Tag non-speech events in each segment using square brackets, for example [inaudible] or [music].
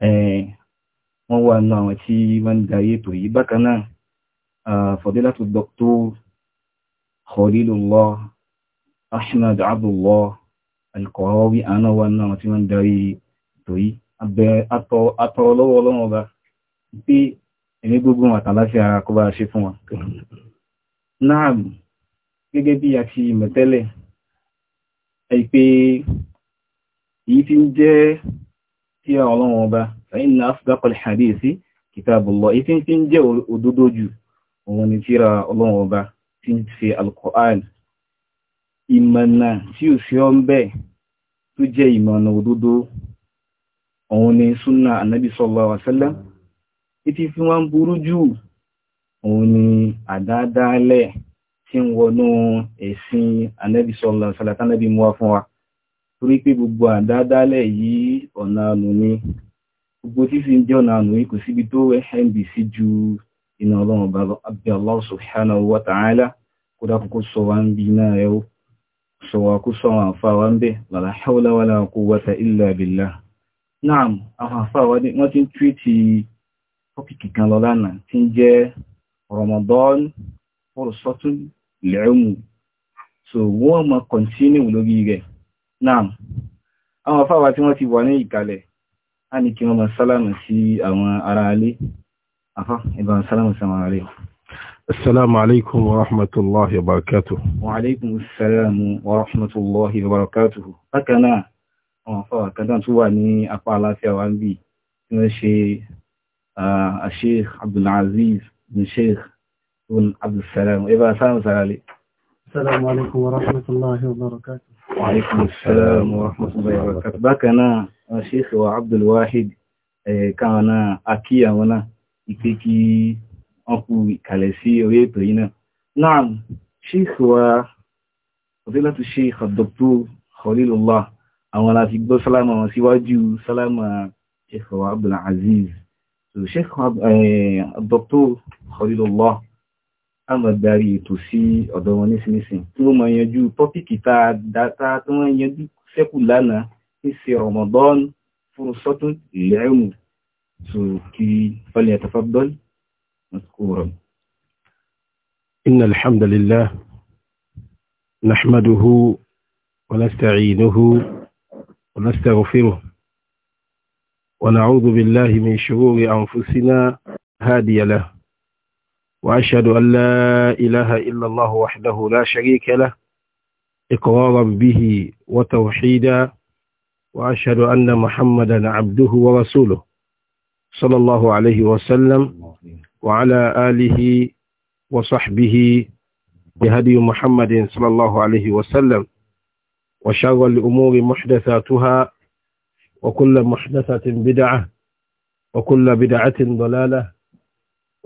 wọ́n wà nínú àwọn tí wọ́n ń darí ètò yìí bákan náà fadilatu Dr. Khalilullah Ahmad Abdullah Al-Qarawi àná wà nínú àwọn tí wọ́n ń darí ètò yìí àtọ̀rọ̀ lọ́wọ́ ọlọ́run ọba pé ẹ̀mí gbogbo wọn àtàláfíà ara kó bá ṣe fún wọn náà gẹ́gẹ́ bí a ti mẹ̀tẹ́lẹ̀ ẹ̀ èyí ti ń jẹ́ tíra ọlọ́run ọba fa'inna asdaqal hadithi kitabullah ìtí tí ń jẹ́ òdodo jù òun ni tíra ọlọ́run ọba tí ń fi alquran ìmọ̀nà tí ò sí ọ́n bẹ́ẹ̀ tó jẹ́ ìmọ̀nà òdodo òun ni súnà ànábì sallallahu alaihi wasallam ìtí fi wọ́n burú jù òun ni àdáadáalẹ̀ tí ń wọnú ẹ̀sìn ànábì sallallahu alaihi wasallam mú wa fún wa torí pé gbogbo àdádálẹ̀ yìí ọ̀nà ànù ni gbogbo títí ń jẹ́ ọ̀nà ànù yìí kò síbi tó wẹ́ ndc ju iná ọlọ́run ọba abẹ́ Allah subhanahu wa ta'ala kó dákòókò sọ wá ń bí náà ẹ ó sọ wá kó sọ àwọn àfa wa ń bẹ̀ wàlá hawla wàlá quwwata illa billah naam àwọn àfa wa ni wọ́n ti ń túwìtì tọ́pìkì kan lọ lánàá tí ń jẹ́ Ramadan fursatun lil so wọ́n máa kọ̀ntínú lórí rẹ̀ Naam. Àwọn afáwà tí wọ́n ti wà ní ìkàlẹ̀, a ní kí wọ́n mọ̀ sálámù sí àwọn ará alé. Afá, ìbọn sálámù sí àwọn ará alé. Assalamu alaikum wa rahmatullahi wa barakatuhu. Wa alaikum assalamu wa rahmatullahi wa barakatuhu. Bákan àwọn afáwà kan tó wà ní apá aláfíà wa ń bì tí wọ́n ṣe Assalamu alaikum wa rahmatullahi wa barakatuhu. وعليكم السلام ورحمة الله وبركاته بكنا الشيخ وعبد الواحد كان أكيا ونا ìpékí ọkù ìkàlẹ̀ sí orí ètò yìí náà. Náà, ṣíkì wa, Fadilatu Sheikh Dr. Khalilullah, àwọn láti gbọ́ sálámà wọn síwájú sálámà Sheikh wa Abdul Aziz. So, Sheikh Dr. Khalilullah, a máa darí ètò sí ọ̀dọ̀ wọn nísinsìnyí tí wọ́n máa yanjú tọ́pìkì tá a dáta tí wọ́n yanjú sẹ́kù lánàá ní ṣe Ramadan fún sọ́tún lẹ́rùn tó kí fọlẹ̀ àtàfàbọ́lì mọ́sùkúrọ̀. inna alhamdulillah nahmaduhu wa nasta'inuhu wa nastaghfiruh billahi min shururi anfusina hadiya lahu وأشهد أن لا إله إلا الله وحده لا شريك له إقرارا به وتوحيدا وأشهد أن محمدا عبده ورسوله صلى الله عليه وسلم وعلى آله وصحبه بهدي محمد صلى الله عليه وسلم وشر الأمور محدثاتها وكل محدثة بدعة وكل بدعة ضلالة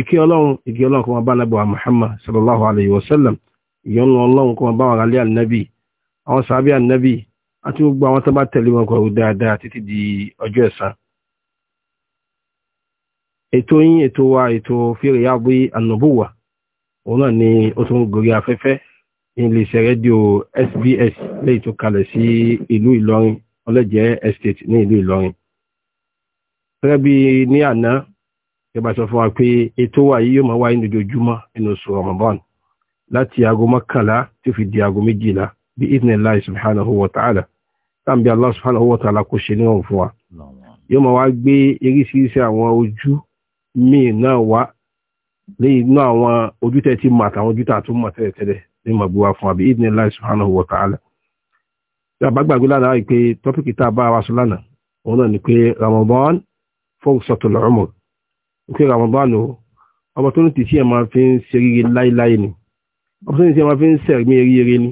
ìkẹ́ ọlọ́run ìkẹ́ ọlọ́run kó bá nàbẹ̀wà Muhammad sallallahu alayhi wa sallam ìyọ́nù ọlọ́run kó máa bá wọn alẹ́ ànábì àwọn sàábì ànábì àti gbogbo àwọn tó bá tẹ̀lé wọn pẹ̀lú dáadáa títí di ọjọ́ ẹ̀san. ètò yín ètò wa ètò fèrè yàgbé ànàbùwà òun náà ni ó tún gòrí afẹ́fẹ́ iléeṣẹ́ rédíò SBS léyìí tó kalẹ̀ sí ìlú Ìlọrin ọlẹ́jẹ́ estate ní ìlú Ìlọrin. gẹ́gẹ́ bí ní àná ìbá sọ fún wa pé ètò wa yìí yóò máa wáyé lójoojúmọ́ nínú oṣù Ramadan láti aago mọ́kànlá tó fi di aago méjìlá bí idhnillahi subhanahu wa ta'ala tàbí Allah subhanahu wa ta'ala kò ṣe níwọ̀n fún wa yóò máa wá gbé eríṣiríṣi àwọn ojú míì náà wá lẹ́yìn inú àwọn ojú tẹ́ ti mọ̀ àtàwọn ojú tà mọ̀ tẹ́lẹ̀ ní màgbúwa fún wa bí idhnillahi subhanahu wa ta'ala yàbá pé Ramadan o ọmọ tó ní tìṣí ẹ̀ máa fi ń ṣe rírí láíláí ni ọmọ tó ní tìṣí ẹ̀ fi ń ṣẹ̀mí rírí ni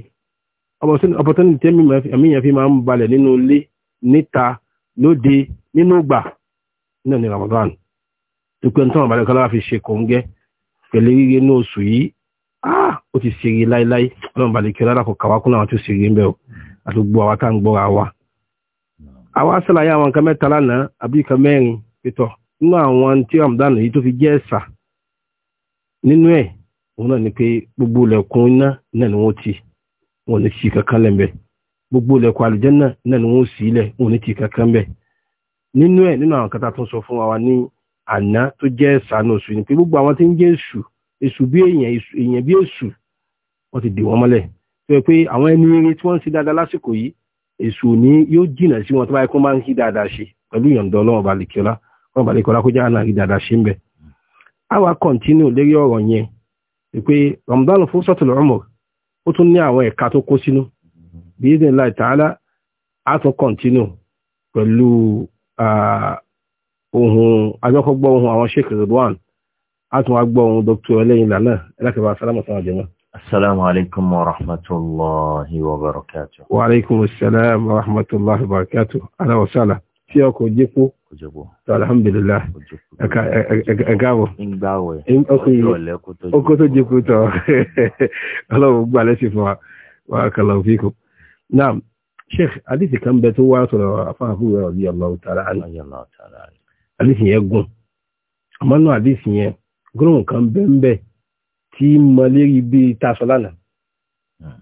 ọmọ tó ní tìṣí ẹ̀mí fi máa ń balẹ̀ nínú ilé níta lóde nínú ìgbà náà ni Ramadan tó pé nítorí àbálẹ̀ kan lára fi ṣe kòńgẹ́ pẹ̀lú rírí inú oṣù yìí ah! ó ti ṣe rírí láíláí ọlọ́run balẹ̀ kí ọlọ́run kò kàwá kún àwọn tó ṣe rírí ń bẹ̀ àti gbogbo àwa tá à ń gbọ́ra wa àwa sàlàyé àwọn nǹkan mẹ́ta lánàá àbí nǹkan mẹ́rin pétọ́ nínú àwọn tí ramadan yìí tó fi jẹ́ ẹ̀sà nínú ẹ̀ òun náà ni pé gbogbo ilẹ̀kùn iná náà ni wọ́n ti wọ́n ní sí kankan lẹ́m̀bẹ̀ gbogbo ilẹ̀kùn àlùjànnà náà ni wọ́n sì ilẹ̀ wọ́n ní ti kankan bẹ̀ nínú ẹ̀ nínú àwọn kata tó ń sọ fún wa ní àná tó jẹ́ ẹ̀sà náà sùn ni pé gbogbo àwọn tí ń jẹ́ èṣù èṣù bí èèyàn èèyàn bí èṣù wọ́n ti dè wọ́n mọ́lẹ̀ tó pé àwọn ẹni eré tí wọ́n ń ṣe dáadáa lásìkò yìí èṣù ní yóò jìnà sí wọn tó báyìí kó máa ń ṣe dáadáa ṣe pẹ̀lú ìyọ̀ǹda ọlọ́run ọba àlìkíọ́lá wọn bàlẹ̀ kọ́lá kó jẹ́ àná ìdàdà ṣe ń bẹ̀. a wá kọ̀ntínú lérí ọ̀rọ̀ yẹn pé Ramadan fún ọmọ ó tún ní àwọn ẹ̀ka tó kó sínú bí ìdè ńlá ìtàhálà á tún kọ̀ntínú pẹ̀lú ohun ajọ́kọ́gbọ́ ohun àwọn Sheikh Ridwan á tún wá gbọ́ ohun Dr. ẹlẹ́yin lànà ẹlẹ́kẹ̀bá sálámù sáwọn tí ọkọ̀ jẹ́pó alhamdulillah ẹ̀gáwọ̀ ọkọ̀ tó jẹ́pó tọ́ [laughs] ọlọ́run gbà lẹ́sìn fún wa kàlọ̀ fíkù náà sheikh alifi kan bẹ tó wá sọ̀rọ̀ afáàfù rẹ̀ ọ̀bí ọlọ́run tààrà alifi yẹn gùn àmọ́nú alifi yẹn gúnrùn kan bẹ́ẹ̀ bẹ́ẹ̀ tí mọ̀lérí bí tasọ lánàá hmm.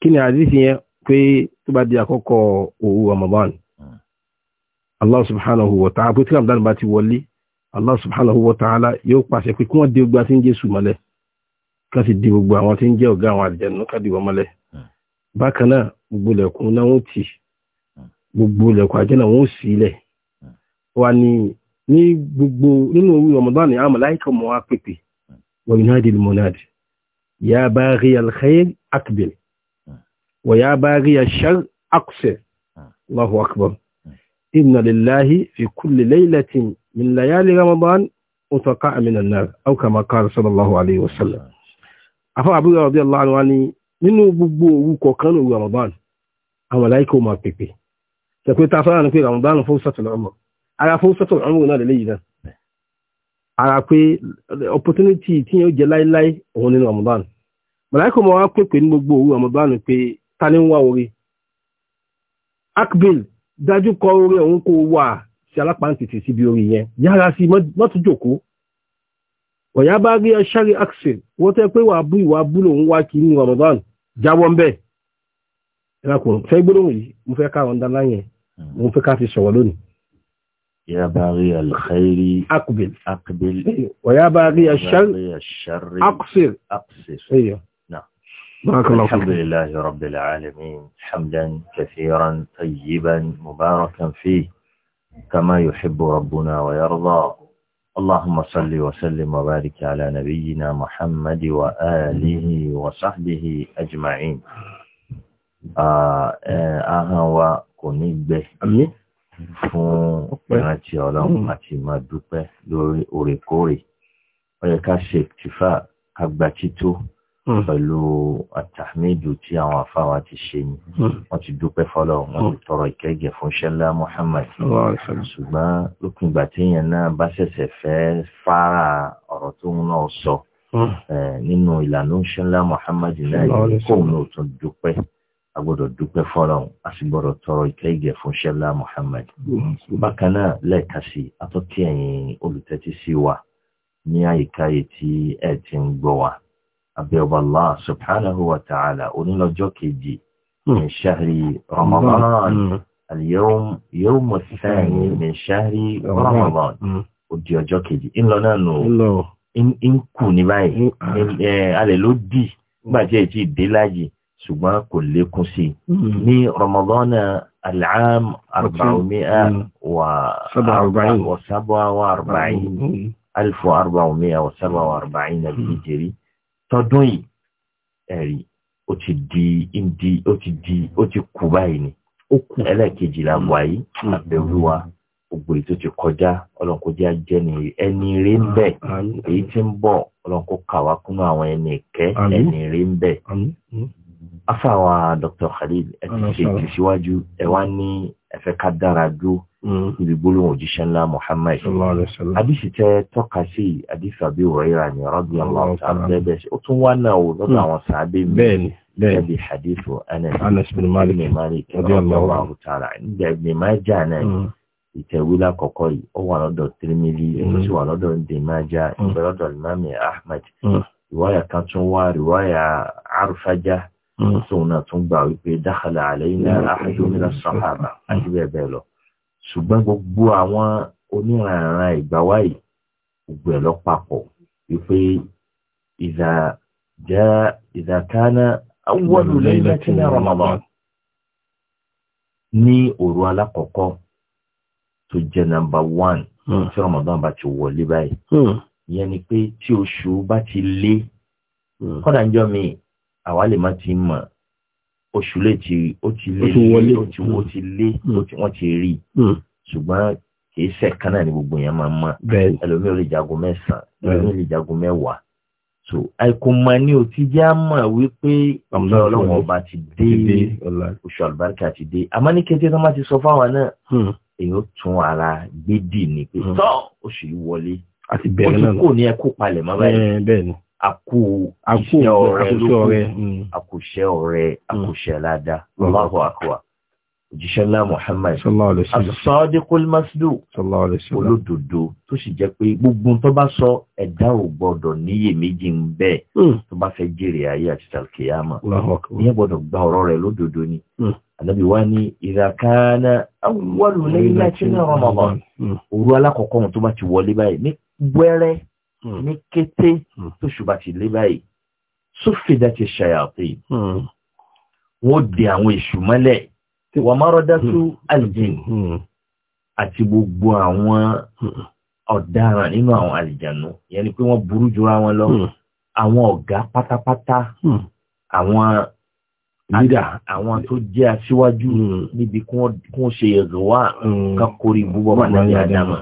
kí ni alifi yẹn pé tó bá di àkọ́kọ́ òru Ramadan Allah subhanahu wa ta'ala pé tí Ramadan bá ti wọlé Allah subhanahu wa ta'ala yóò pàṣẹ pé kí wọ́n dé gbogbo àti ń Jésù mọ́lẹ̀ ká sì di gbogbo àwọn tí ń jẹ́ ọ̀gá àwọn àlùjànnú ká dìbò mọ́lẹ̀ hmm. bákan náà gbogbo ilẹ̀kùn náà wọ́n ti gbogbo ilẹ̀kùn àjẹ́ náà wọ́n sì ilẹ̀ hmm. wà ní ní gbogbo nínú orí Ramadan ni àwọn màláíkà mọ́ wá wa hmm. yunadi al-munadi ya baghi al-khair aqbil wa ya baghi ash-sharr aqsir Allahu akbar inna lillahi fi kulli laylatin min layali ramadan mutaka amina nar aw kama qala sallallahu alaihi wasallam afa abu radiyallahu anhu ani nínú gbogbo òru kọ̀ọ̀kan ní ramadan àwọn laika ó máa pepe ṣé pé ta fara ní pé ramadan fursatul umr ara fursatul umr náà leleyi na ara pé opportunity tí yẹn ó jẹ láí láí òun nínú ramadan malaika máa wá pepe ní gbogbo òru ramadan pé ta ni ń akbil dájú kọ orí ọ̀hún kó wà sí alápáǹtìtì síbi orí yẹn yára sí mọ́tún jòkó ọ̀yá bá rí ṣáre axel wọ́n tẹ́ pé wà bú ìwà bú lòun wá kí ní Ramadan jáwọ́ ń bẹ̀ ẹ̀rakùn fẹ́ gbólóhùn yìí mo fẹ́ ká ọ̀ndà láyẹn mo fẹ́ ká fi sọ̀rọ̀ lónìí. Ya bá rí alkhairi akbil. Ọ̀yá bá rí ṣáre Axel. بارك الله الحمد لله رب العالمين حمدا كثيرا طيبا مباركا فيه كما يحب ربنا ويرضى اللهم صل وسلم وبارك على نبينا محمد وآله وصحبه أجمعين آه آه kò ní gbẹ fún ọlọ́run àti máa dúpẹ́ lórí òrèkóòrè ṣe tìfà Hmm. pẹ̀lú àtàmídù tí àwọn àfáwà ti ṣe ni hmm. wọ́n ti dúpẹ́ fọ́lọ́ wọ́n ti hmm. tọrọ ìkẹ́gẹ̀ fún ṣẹ́lá Muhammad ṣùgbọ́n lópin ìgbà tí èèyàn náà bá ṣẹ̀ṣẹ̀ fẹ́ fara ọ̀rọ̀ tó ń náà sọ nínú ìlànà ṣẹ́lá Muhammad náà kóun náà tún dúpẹ́ a gbọ́dọ̀ dúpẹ́ fọ́lọ́ a sì tọrọ ìkẹ́gẹ̀ fún ṣẹ́lá Muhammad bákan náà lẹ́ẹ̀ka sí atọ́kí olùtẹ́tí sí wa ní àyíká yìí tí ẹ̀ ti ń gbọ́ wa àbẹ̀wò Allah subhanahu wa ta'ala onílọ́jọ́ kejì hmm. min shahri Ramadan hmm. Hmm. al-yawm yawm ath-thani min shahri Ramadan ó di ọjọ́ kejì ńlọ náà nù ń kù ní báyìí alẹ́ ló dì nígbà tí ẹ̀ ti dé láyè ṣùgbọ́n kò lékún sí ní Ramadan العام 447 1447 الهجري tọdún yìí ẹ̀rí ó ti di indi o ti di o ti kú báyìí ni ó kú ẹlẹ́ẹ̀kejì la wà yìí hmm. àbẹ̀wúwa gbogbo èyí tó ti kọjá jẹ́ ẹni rí ń bẹ̀ ah, èyí ti ń bọ̀ kúnú àwọn ẹni ìkẹ́ ẹni afáwa Dr. Khalil ẹ ti ṣe ìtẹ̀síwájú ẹ wá ní ẹ̀fẹ́ ká dára dúró hmm. níbi gbólóhùn òjíṣẹ́ ńlá Muhammad adíṣì tẹ́ tọ́ka sí adíṣì àbí òrẹ́ra ní radiyallahu ta'ala bẹ́ẹ̀ ó tún wá náà wò lọ́dọ̀ hmm. àwọn sàábé mi ẹbí hadithu Anas bin Malik radiyallahu ta'ala nígbà Ibn Majah náà hmm. ìtẹ̀wílá kọ̀kọ́ yìí ó wà lọ́dọ̀ Tirmidhi ó sì wà lọ́dọ̀ Ibn Majah ìgbà lọ́dọ̀ Imam Ahmad ìwáyà kan tún wá ìwáyà Arfaja tóun mm. náà tún gbà wípé dákàlà àlẹ́ ilẹ̀ aláhàjò mm. nílẹ̀ sàhábà mm. àti bẹ́ẹ̀ bẹ́ẹ̀ lọ ṣùgbọ́n gbogbo àwọn oníranran ìgbàwá yìí gbogbo ẹ̀ lọ papọ̀ wípé ìdá jẹ́ ìdá kánà awọ́lù lẹ́yìn tí ní Ramadan ní òru alákọ̀ọ́kọ́ tó jẹ́ nàmbà wán tí Ramadan bá ti wọlé báyìí ìyẹn ni pé tí oṣù bá ti lé kọ́dà ń jọ míì àwa lè má ti mọ̀ oṣù lè ti ó ti lé ó ti ó ti lé hmm. wọ́n ti rí hmm. ṣùgbọ́n kì í ṣe kan náà ni gbogbo yẹn máa ń mọ̀ ẹlòmíì ò lè jago mẹ́sàn-án ẹlòmíì ò lè jago mẹ́wàá so àìkùnmọ̀ ni ò ti já mọ̀ wípé ọlọ́run ọba ti dé oṣù àlùbáríkà ti dé àmọ́ ní kété tó má ti sọ fáwọn náà hmm. èyí ó tún ara gbé dì ní pé tọ́ oṣù yìí wọlé àti ti kò ní ẹkú palẹ̀ mọ́ báyìí àkùṣẹ́ ọ̀rẹ́ mm. àkùṣẹ́ ọ̀rẹ́ àkùṣẹ́ mm. ládá Allahu akbar òjíṣẹ́ ńlá Muhammad as-sadiqul masduq olódodo tó sì jẹ́ pé gbogbo tó bá sọ ẹ̀dá ò gbọ́dọ̀ níyè méjì ń bẹ́ẹ̀ mm. tó bá fẹ́ jèrè ayé àti tàlkìyàmà ìyẹn gbọ́dọ̀ gba ọ̀rọ̀ rẹ̀ lódodo ni ànábì wá ní ìràkánná awwalu laylatin Ramadan òru alákọ̀ọ́kọ́ tó bá ti wọlé báyìí ní gbẹ́rẹ́ Hmm. ní kété hmm. tó ṣùgbọ́n ti lé báyìí sófìdá ti ṣàyàpé wọ́n di àwọn èṣù mọ́lẹ̀ tí wọ́n máa rọ́dá sí aljin àti gbogbo àwọn hmm. ọ̀daràn nínú àwọn àlìjànú yẹn ni pé wọ́n burú jura wọn lọ àwọn ọ̀gá pátápátá àwọn lídà àwọn tó jẹ́ aṣíwájú níbi kí wọ́n ṣe ẹ̀rọ wà kákórí búbọ̀ màdàbí àdàmà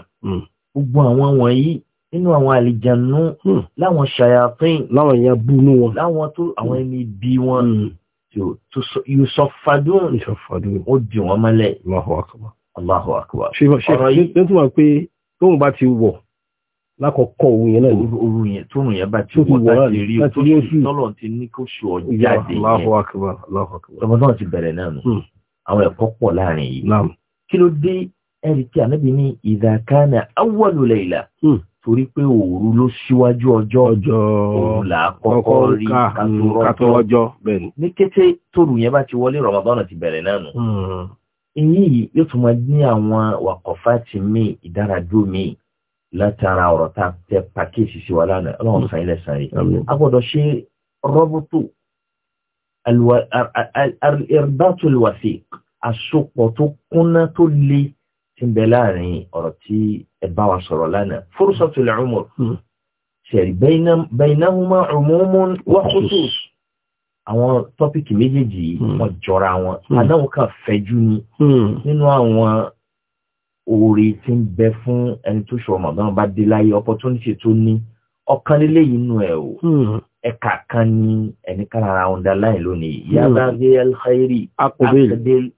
gbogbo àwọn wọ̀nyí nínú àwọn àlìjànú hmm. láwọn ṣayatín láwọn èèyàn bú nú wọn láwọn tó àwọn ẹni bí wọn hmm. yusufadun ó dì wọn mọ́lẹ̀ Allahu akbar Allahu akbar ṣe ṣe tó wà pé tóun bá ti wọ̀ lákọ̀ọ́kọ́ òun yẹn náà òru yẹn tóun yẹn bá ti wọ̀ láti rí tó ṣe tọ́lọ̀ ti ní kó ṣe ọ jáde yẹn Allahu náà ti bẹ̀rẹ̀ náà nù hmm. àwọn ẹ̀kọ́ pọ̀ láàrin yìí kí ló dé ẹ̀rì kí ànábì ní idha kana awwalu torí pé òru ló síwájú ọjọ́ ọjọ́ là á kọ́kọ́ rí kátó ọjọ́ bẹ́ẹ̀ni. ní kété tóru yẹn bá ti wọlé Ramadan ti bẹ̀rẹ̀ náà nù. èyí hmm. yóò tún máa ní àwọn wàkọ̀fà ti mí ìdáradó mi látara ọ̀rọ̀ tá a tẹ pàkíyèsí sí wa lánàá ọlọ́run hmm. sàn ilẹ̀ sàn yìí. a gbọ́dọ̀ ṣe rọ́bùtù al-irbatu al-wasiq àsopọ̀ tó kúnná tó le tí ń bẹ láàrin ọ̀rọ̀ tí ẹ bá wa sọ̀rọ̀ lánàá fursatul umur hmm. ṣẹ̀rí baynahuma umumun wa khusus àwọn tọ́pìkì méjèèjì hmm. wọ́n jọra wọn hmm. adáwọ̀ kan fẹ̀jú ni nínú àwọn oore tí ń bẹ fún ẹni tó ṣe Ramadan bá dé láyé opportunity tó ní ọ̀kan lílé yìí nù ẹ̀ o ẹ̀ka kan ní ẹni ara ọ̀dà láì lónìí yàrá gẹ́gẹ́ alkhairi akọ̀bẹ́lì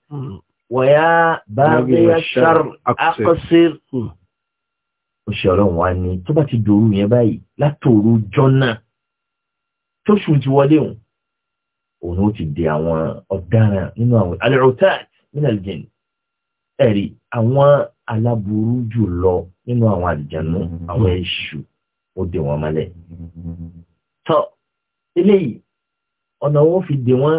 ويا باغي الشر اقصر òṣìṣẹ́ ọlọ́run wa ni tó bá ti dòru yẹn báyìí látòru jọ́nà tó ṣù ti wọlé òun òun ó ti di àwọn ọ̀daràn nínú àwọn alẹ́rọ̀tàt nínú àlìjẹ̀nì ẹ̀rí àwọn aláburú jù lọ nínú àwọn àlìjẹ̀nù àwọn èṣù ó dè wọ́n mọ́lẹ̀ tọ́ eléyìí ọ̀nà wọn fi dè wọ́n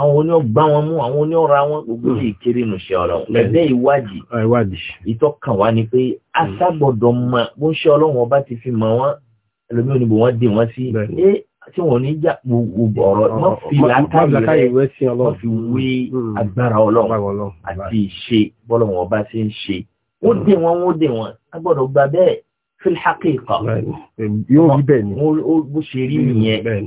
àwọn oní ọgbà wọn mú àwọn oní ọ̀rá wọn gbogbo hmm. lè kéré nù ṣe ọ̀rọ̀ ah, ìwádìí ìtọ́kàn wá ni pé a ságbọ̀dọ̀ hmm. mọ bó ń ṣe ọlọ́run ọba ti fi mọ wọn ẹlòmíì oníbò wọn dè wọn sí ẹ tí wọn ní já gbogbo ọ̀rọ̀ ah, wọn fi làákàyè rẹ wọn fi wé hmm. agbára ọlọ́run àti ìṣe bọ́lọ́run ọba ti ń ṣe ó dè wọn ó dè wọn a gbọ́dọ̀ gba bẹ́ẹ̀ fil haqiqa yóò rí bẹ́ẹ̀ ni bó ṣe rí nìyẹn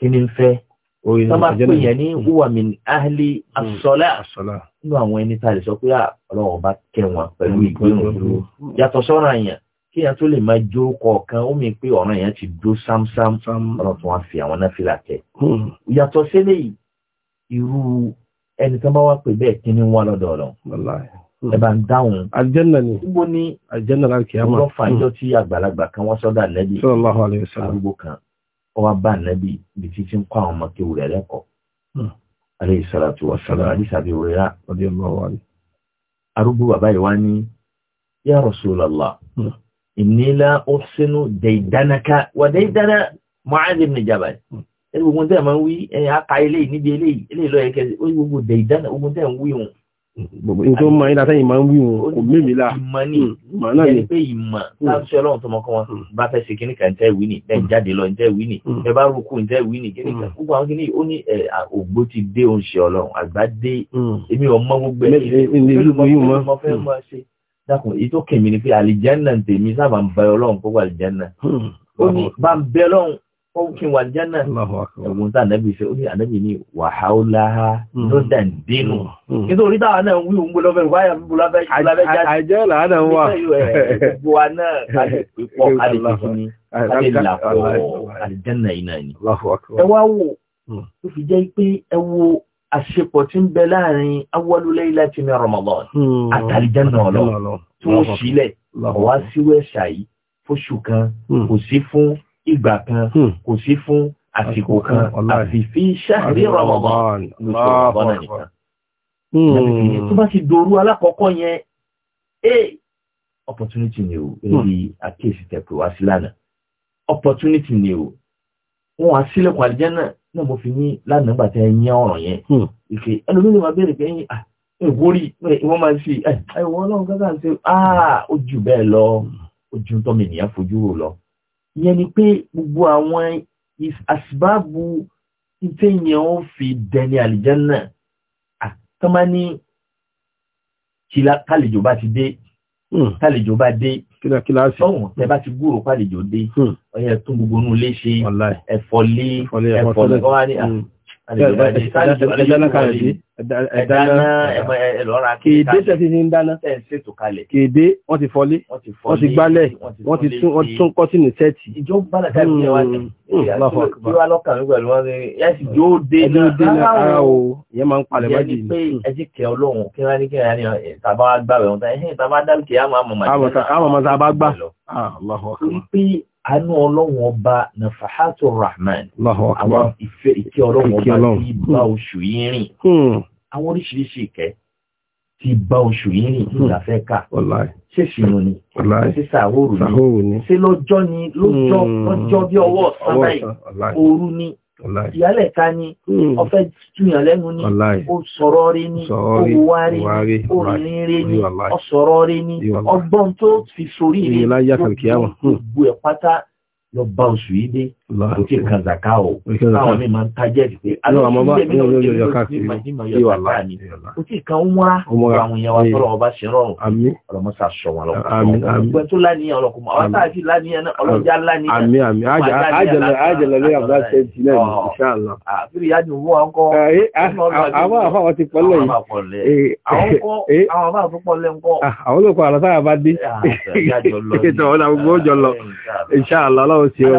Kini ni ń fẹ́ tọ́ba pè yẹn ní wùwàmí ahli asọ́lá nínú àwọn ẹni tá a lè sọ pé ah, ọlọ́wọ́ bá kẹ́ wọn pẹ̀lú hmm. ìgbérùn dúró hmm. Hmm. yàtọ̀ sọ́ra yẹn kí yẹn tó lè máa jó kọ̀ọ̀kan ó mi pé ọ̀ràn yẹn ti dó sámsám ẹni tó wá pè bẹ́ẹ̀ kí ni wọn lọ́dọ̀ ọ̀rọ̀ ẹ bá ń dáhùn. àjẹ́nà ni níbo ni àjẹ́nà láti kí ọlọ́fà ìjọ tí àgbàlagbà kan wọ́n sọ́dà lẹ́bi. sọ́dọ̀ ó wá bá ànábì ibi títí ń kọ́ àwọn ọmọ kéwù rẹ̀ lẹ́kọ̀ọ́ alẹ́ ìsọ̀rọ̀tù ọ̀sọ̀rọ̀ àdìsàbí òrera ọdẹ ọlọ́wọ́rẹ́ arúgbó bàbá yìí wá ní ya Rasulullah ìnílá hmm. ó sínú dẹ̀ìdánaka wà dẹ̀ìdáná Mu'adh ibn Jabal hmm. ẹni gbogbo tẹ̀ máa ń wí ẹ̀yà ká eléyìí níbi eléyìí eléyìí lọ́yẹ̀kẹ́ ó ní gbogbo dẹ̀ìdáná gbogbo tẹ̀ ń wí wọn tó mọ ilá sẹ́yìn máa ń wí wọn kò mímí la ìmọ̀ ní hmm, ìmọ̀ náà ni pé ìmọ̀ láti hmm. ọlọ́run tó mọ kọ́ wọn hmm. bá fẹ́ ṣe kíníkà ń tẹ́ ìwí nì ẹ̀ jáde lọ ń tẹ́ ìwí nì ẹ bá rúkú ń tẹ́ ìwí nì kíníkà gbogbo àwọn kíní ó ní ògbó ti dé oun ṣe ọlọ́run àgbà dé èmi ò mọ gbogbo ẹ̀ ìlú mo fẹ́ mọ ṣe dákun èyí tó kèmí ni pé ó kí wà jẹ́nà ẹ̀wọ̀n tá ànábì ṣe ó ní ànábì ní wàhálà ló dàn dínú nítorí táwa náà ń wí òun gbọ́dọ̀ fẹ́rù báyà búburú abẹ́ jáde àjẹ́ làánà wà gbogbo wa náà kájọ pípọ̀ kájọ tuntun ní kájọ làpọ̀ àlìjẹ́nà iná ni. ẹ wá wò hmm. ó fi jẹ́ pé ẹ hmm. kan hmm. kò sí fún ìgbà kan hmm. kò sí fún àsìkò kan àfi fi ṣáàrí Ramadan lóṣù Ramadan nìkan. Hmm. tó bá ti dòru alákọ̀ọ́kọ́ yẹn eh, opportunity ni o lórí hmm. àkíyèsí tẹ̀pẹ̀ wá sí lánàá opportunity ni o wọn wá sílẹ̀kùn àlìjẹ́nà náà mo fi ní lánàá gbà tẹ́ yẹn ọ̀ràn yẹn ìfẹ́ ẹlòmínú wa bẹ̀rẹ̀ pé ẹ̀yìn à ìwórí wọ́n máa ń fi ẹ̀wọ̀n ah, ọlọ́run gágà ń ṣe ah ojú bẹ́ẹ̀ lọ ojú tọ́mọ fojú rò lọ ìyẹn ni pé gbogbo àwọn àsìbáàbù títẹ́ yẹn ó fi dẹni àlìjánà àtọ́má ní kálejò bá ti dé kálejò hmm. bá dé kíláàsì ọ̀hún tẹ bá ti gbúrò kálejò dé ọ̀yẹ̀ hmm. tún gbogbo inú ilé ṣe ẹ̀fọ́lé ẹ̀fọ́lé kọ́ wá ní ah, hmm ẹ̀dáná kàrẹ̀dé ẹ̀dáná ẹ̀lọ́ra kéde ti fi ń dáná kéde wọ́n ti fọlé wọ́n ti gbálẹ̀ wọ́n ti tún kọ́tìnì sẹ́ẹ̀tì. ìjọba làtà ìpínlẹ̀ wa hmm, hmm, hmm, ni ìjọba lọ́kàn mi pẹ̀lú wọn yẹ́sì yóò dé náà ara o ìyẹn máa ń palẹ̀ wájú ẹ àánú ọlọ́run ọba nafahatu rahman àwọn ìfẹ́ ìkẹ́ ọlọ́run ọba tí bá oṣù yìí hmm. àwọn oríṣiríṣi ìkẹ́ tí bá oṣù yìí rìn hmm. ká ṣé ṣìnú ni ṣé sàhóòrù ni ṣé lọ́jọ́ ni lọ́jọ́ hmm. bí ọwọ́ sábà òru ni ìyálẹ̀ ká ní ọ̀fẹ́ hmm. túyàn lẹ́nu ní ó sọ̀rọ̀ rí ní owó wá rí ní ọ̀sọ̀rọ̀ rí ní ọgbọ́n tó fi sórí rí gbogbo ẹ̀ lọ bá oṣù yìí dé kò tí nǹkan zaka o táwọn ní máa ń tajẹ́ pé kò tí kan múra àwọn èèyàn wa tọrọ ọba ṣe rọrùn ọlọmọsà sọ wọn lọkọ tó láníyàn ọlọkọ mọ àwọn táàfin láníyàn náà ọlọjà láníyàn. àmì àmì àjẹlẹ lórí àbúrò àti ẹjì náà ní ìṣàlọ. àbúrò ìyá ni owó àwọn kọ. àwọn àfa wọn ti pọlẹ yìí. Eh, àwọn eh, kọ eh. àwọn àfa àtún pọlẹ ńkọ. Ah, àwọn olùkọ́ àlọ́ sáyà bá dé. Ah, [laughs] ìtọ́wọ́n àgbọ̀gbọ̀ jọ lọ ìṣàlọ́ ọlọ́run ṣe o.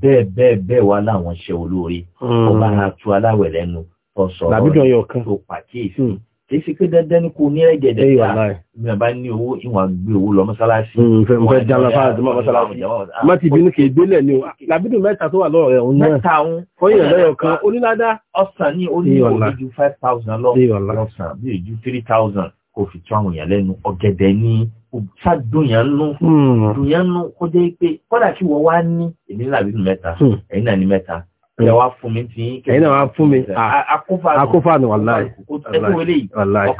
bẹ́ẹ̀ bẹ́ẹ̀ bẹ́ẹ̀ wá láwọn ṣe olóore hmm. ọba atu aláwẹ̀ lẹ́nu tó sọ̀rọ̀ rẹ̀ tó pàkíyèsí hmm. kì í ṣe pé dandan ni kò ní ẹ̀gẹ̀dẹ̀ ká mi àbá ní owó ìwọ̀n gbé owó lọ mọ́sálásí. Hmm, fẹ́ẹ́ jala fáwọn àti mọ́sálásí má ti bínú kì í gbélẹ̀ ni o làbídùn mẹ́ta tó wà lọ́wọ́ rẹ̀ òun náà mẹ́ta òun fọyín lẹ́yọ̀ kan onílàdá. ọ̀sán ní oníwò ojú five thousand lọ́sàn bí ojú three thousand kò fi tún àwọn èèyàn lẹ́nu ọ̀gẹ̀dẹ̀ ní kò sá dùnyàn nú hmm. dùnyàn nú kó jẹ́ pé kọ́dà kí wọ́n wá ní èmi làbí nù mẹ́ta hmm. ẹ̀yin náà ní mẹ́ta hmm. ẹ̀ wá fún mi tí ẹ̀yin náà wá fún mi ah. akófàánù wàláì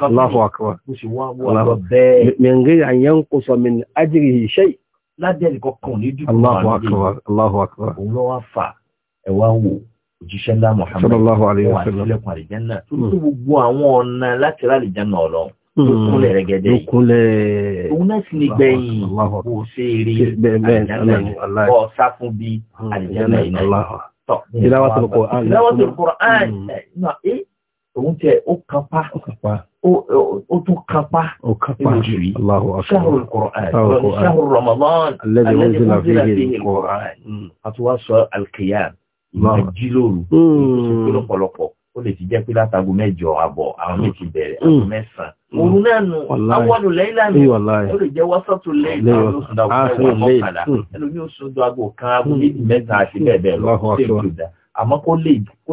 Allahu akbar mẹ́ngẹ́ àyẹ́ ń kó sọ mi ajírí iṣẹ́ lábẹ́ ẹ̀kọ́ kan ní dùkú Allahu akbar Allahu akbar òun lọ́wọ́ fà ẹ̀ wá wò òjíṣẹ́ ńlá Muhammad sallallahu alaihi wasallam tó gbogbo àwọn ọ̀nà láti rálì jẹ́ náà ọlọ́run lókúnlẹ̀ hmm. rẹ̀gẹ̀dẹ̀ lókúnlẹ̀ òun náà sì ní gbẹ̀yìn kò ṣe eré àjẹ́lẹ̀ kọ́ sáfún bí hmm, àjẹ́lẹ̀ ìnáyà tọ́ ìdáwọ́sọ̀rọ̀ Qur'an hmm. òun tẹ ó kápá ó tún kápá ìlòjù yìí ṣáhùrù Qur'an ṣáhùrù Ramadan alladhi unzila fihi Qur'an àti wá sọ alkiyam ìgbàjílòrù ìṣẹ́kùn lọ́pọ̀lọpọ̀ ó lè ti jẹ́ pé látago mẹ́jọ àbọ̀ àwọn méjì ti bẹ̀rẹ̀ àwọn hmm. mẹ́sàn-án. Hmm. òun náà nù awọ́lù lẹ́yìnlánì ó lè jẹ́ wọ́sọ̀tù lẹ́yìn náà ló sùn dàgbọ́ mẹ́wàá mọ́kànlá hmm. ẹlòmí ó sùn dàgbọ́ kan aago méjì mẹ́ta àti bẹ́ẹ̀ bẹ́ẹ̀ lọ sí ìgbòdà àmọ́ kó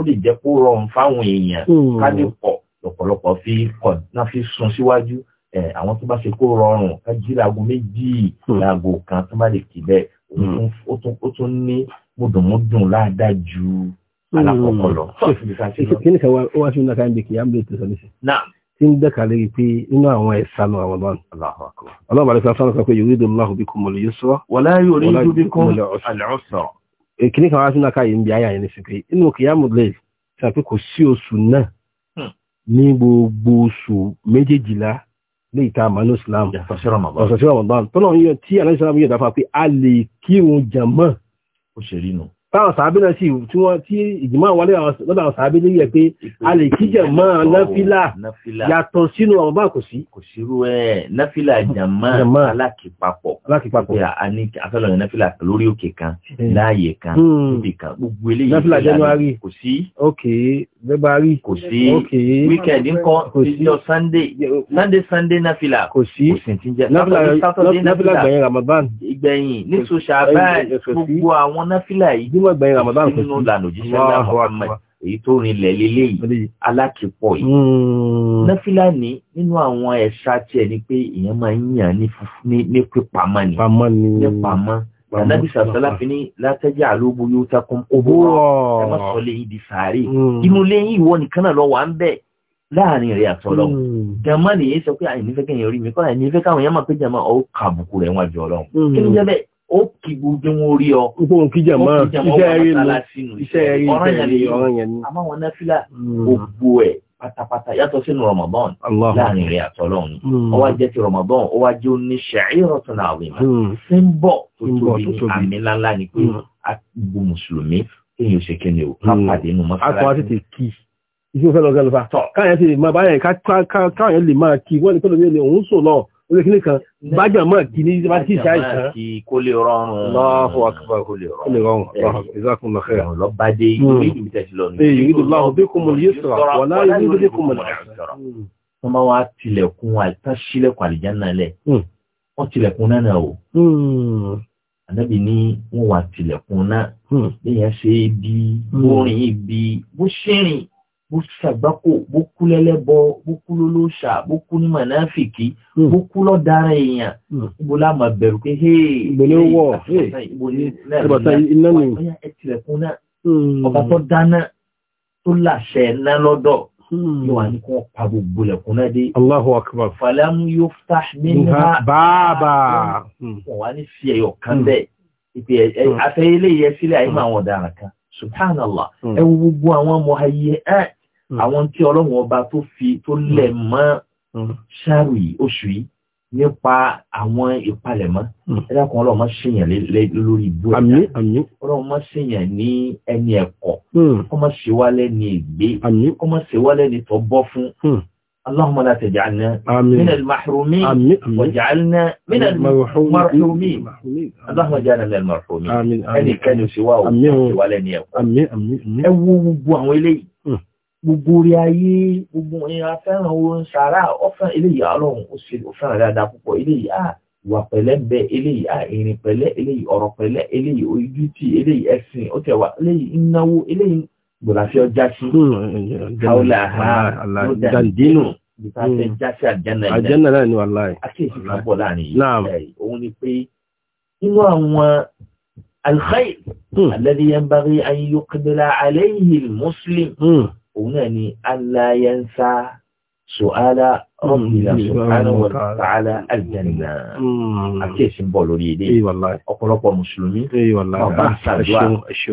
lè jẹ́ kó rọrùn fáwọn èèyàn ká lè pọ̀ lọ́pọ̀lọpọ̀ fi kọ̀ náà fi sùn síwájú àwọn tó bá ṣe kó rọrùn ká jí láago méjì láago kan tó bá lè kì bẹ́ẹ̀ ó tún ní mùdùnmúdùn láàdá ju Hmm. alákọ̀ọ́kọ́ lọ. kí ni ká wá sí ní akáyọ̀ bèkì yà ń bèèrè tẹ̀sán níṣẹ́. tí ń dẹ́ka lè pé inú àwọn ẹ̀sà náà àwọn bá ń. ọlọ́run àti sọ́nà sọ pé yuridu Allahu bikumul yusra. wala yuridu bikumul usra. Eh, kí ni ká wá sí ní akáyọ̀ ń bẹ ayà yẹn níṣẹ́ pé inú kìyàmù lè ṣàpé kò sí oṣù náà hmm. ní gbogbo oṣù méjèèjìlá ní ìta àmàlú Islam ọ̀sọ̀sí Ramadan tọ́lọ́ táwọn sàábí náà sì tí wọ́n tí ìjìmọ̀ wọlé lọ́dọ̀ àwọn sàábí ní yẹ pé a lè kíjẹ̀ mọ́ náfílà yàtọ̀ sínú àwọn bá kò sí. kò sírú ẹ náfílà jàmọ́ alákìpapọ̀ alákìpapọ̀ àní afẹ́lọ́ ní náfílà lórí òkè kan hmm. láàyè kan níbi hmm. kan gbogbo eléyìí náfílà january kò sí. ok february kò sí weekend ńkọ́ kò sí sunday sunday sunday náfílà kò sí náfílà gbẹ̀yìn ramadan ìgbẹ̀yìn ní ojúmọ́ gbẹ̀yìn Ramadan kò sí ìlànà òjíṣẹ́ ńlá Muhammad èyí tó rinlẹ̀ lélẹ́yìí alákìpọ̀ yìí hmm. náfìlà ní nínú àwọn ẹ̀ṣá tiẹ̀ ni pé èèyàn máa ń yàn ní pípamọ́ ni ní pamọ́ Ànábì sàtọ́lá fi ní látẹ́jà àlóbo yóò takùn òbúrọ̀ ẹ má sọ lẹ́yìn di sàárè hmm. inú lẹ́yìn ìwọ nìkan náà lọ wà ń bẹ̀ láàrin rẹ̀ àtọ́lọ́ hmm. jama nìyẹn sọ pé àìnífẹ́ kẹ́yìn orí mi kọ́ àìnífẹ́ káwọn yẹn máa pé jama ọ̀ kàbùkù rẹ̀ wájú ọlọ́run kí ló jẹ́ bẹ́ẹ̀ ó kì gbogbo wọn orí ọ. Gbogbo kí jẹ̀mọ́ iṣẹ́ rí ni iṣẹ́ rí ọ̀ràn ni ọ̀ràn yẹn ni. Àmọ́ wọn náfìlà hmm. gbogbo ẹ̀ pátápátá yàtọ̀ sínú Ramadan láàrin rẹ̀ àtọ́lọ́ ni. Hmm. Ó wá jẹ́ ti Ramadan ó wá jẹ́ oní sha'iratun azima. Hmm. Ṣé ń bọ̀ tó tóbi ní àmì ńláńlá ni pé a gbogbo Mùsùlùmí èèyàn ṣe kéde o ká pàdé inú mọ́sálásí. A kọ́ tètè kí ìṣòfẹ́ lọ gẹ́lẹ́fà. Káyọ̀ sì máa báyẹn káyọ̀ lè máa kí wọ́n ní pẹ́lú mi ò ní òun sùn náà olókìlẹ̀ kan bájọ̀ mọ́ kí ní bá tí ìṣá ìṣá kó lè rọrùn lọ́wọ́ akọ́bà kó lè rọrùn ìzákun lọ fẹ́ràn lọ bá dé ilé hmm. ìgbìtẹ̀sí lọ ní ìlú láwọn bí kò mọ̀ yóò sọ̀rọ̀ wọ́n láyé ní bí kò mọ̀ sọ̀rọ̀ wọ́n bá wá tilẹ̀kùn àìtá sílẹ̀kùn àlìjánná lẹ̀ hmm. wọ́n tilẹ̀kùn náà o hmm. ànábì ní wọ́n wà tilẹ̀kùn náà bí yẹn ṣe bí bórin bí bó ṣẹ́rìn bó ṣàgbákò bó kú lẹ́lẹ́bọ bó kú lólóṣà bó kú ní mọ̀náfìkì bó hmm. kú lọ́dára èèyàn hmm. bó láàmà bẹ̀rù pé hey ìbò ní wọ̀ ìbò ní ẹ̀rọ̀ta iná mi ẹ̀tìlẹ̀kùn náà hmm. ọba tó dáná tó láṣẹ ná lọ́dọ̀ yóò wá ní kí wọ́n pa gbogbo lẹ̀kùn náà dé. Allahu akbar. falam yuftah minha bàbà. wọ́n wá ní fi ẹ̀yọ̀ kan bẹ́ẹ̀ ìpè afẹ́yẹlẹ́yẹ sílẹ̀ àyè máa wọn dára kan subhanallah ẹ wo gbogbo àwọn mọ̀hayẹ́ ẹ̀ Hmm. àwọn tí ọlọ́run ọba tó fi tó hmm. lẹ̀ mọ́ hmm. ṣáàrù yìí oṣù yìí nípa àwọn ìpalẹ̀mọ́ ẹ̀dá kan ọlọ́run máa ṣèyàn lórí ibú ẹ̀dá ọlọ́run máa ṣèyàn ní ẹni ẹ̀kọ́ kó má ṣe wá lẹ́ni ègbé kó má ṣe wá lẹ́ni tó bọ́ fún اللهم لا تجعلنا من المحرومين واجعلنا من المرحومين اللهم اجعلنا من المرحومين ẹnì kan ò sí wá òun wà lẹ́ni ẹ̀kọ́ ẹ wo gbogbo àwọn eléyìí gbogbo orí ayé gbogbo ìyá fẹ́ràn oorun sàárà ọ̀fẹ́ràn eléyìí ọlọ́run ó ṣe òfẹ́ràn dáadáa púpọ̀ eléyìí à ìwà pẹ̀lẹ́ ń bẹ eléyìí à ìrìn pẹ̀lẹ́ eléyìí ọ̀rọ̀ pẹ̀lẹ́ eléyìí ojú tì eléyìí ẹ̀sìn ó tẹ̀wá eléyìí ìnáwó eléyìí gbòláfi ọjà sí káwọlẹ̀ àhá dàndínù ìfàṣẹ jásí àjẹ́nà ilẹ̀ àjẹ́nà náà ni wà láì àkíyèsí kan bọ̀ láàrin yìí òun ni pé inú àwọn alkhair hmm. alladhi òun náà ni aláyẹnsá ṣòhálà rọ́bìnà ṣòhálà wọ́n tààlà àjẹ́nà àkíyèsí ń bọ̀ lórí èdè ọ̀pọ̀lọpọ̀ mùsùlùmí ọba ṣàdúrà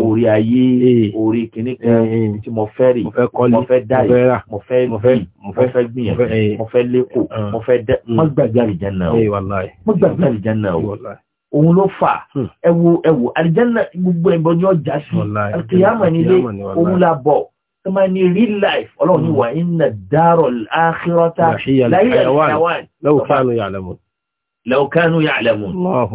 orí ayé orí kìnnìkan tí mo fẹ́ rí òun ló fà hmm. ẹ wo ẹ wo gbogbo ẹ̀bọ ni ọjà sí àkìyàmọ̀ nílé òun la bọ̀ tó máa ní real life ọlọ́run ní hmm. wà iná dárọ̀ áhírọ́ta láyé àyàwán lọ́wọ́kánú ya'lamun lọ́wọ́kánú ya'lamun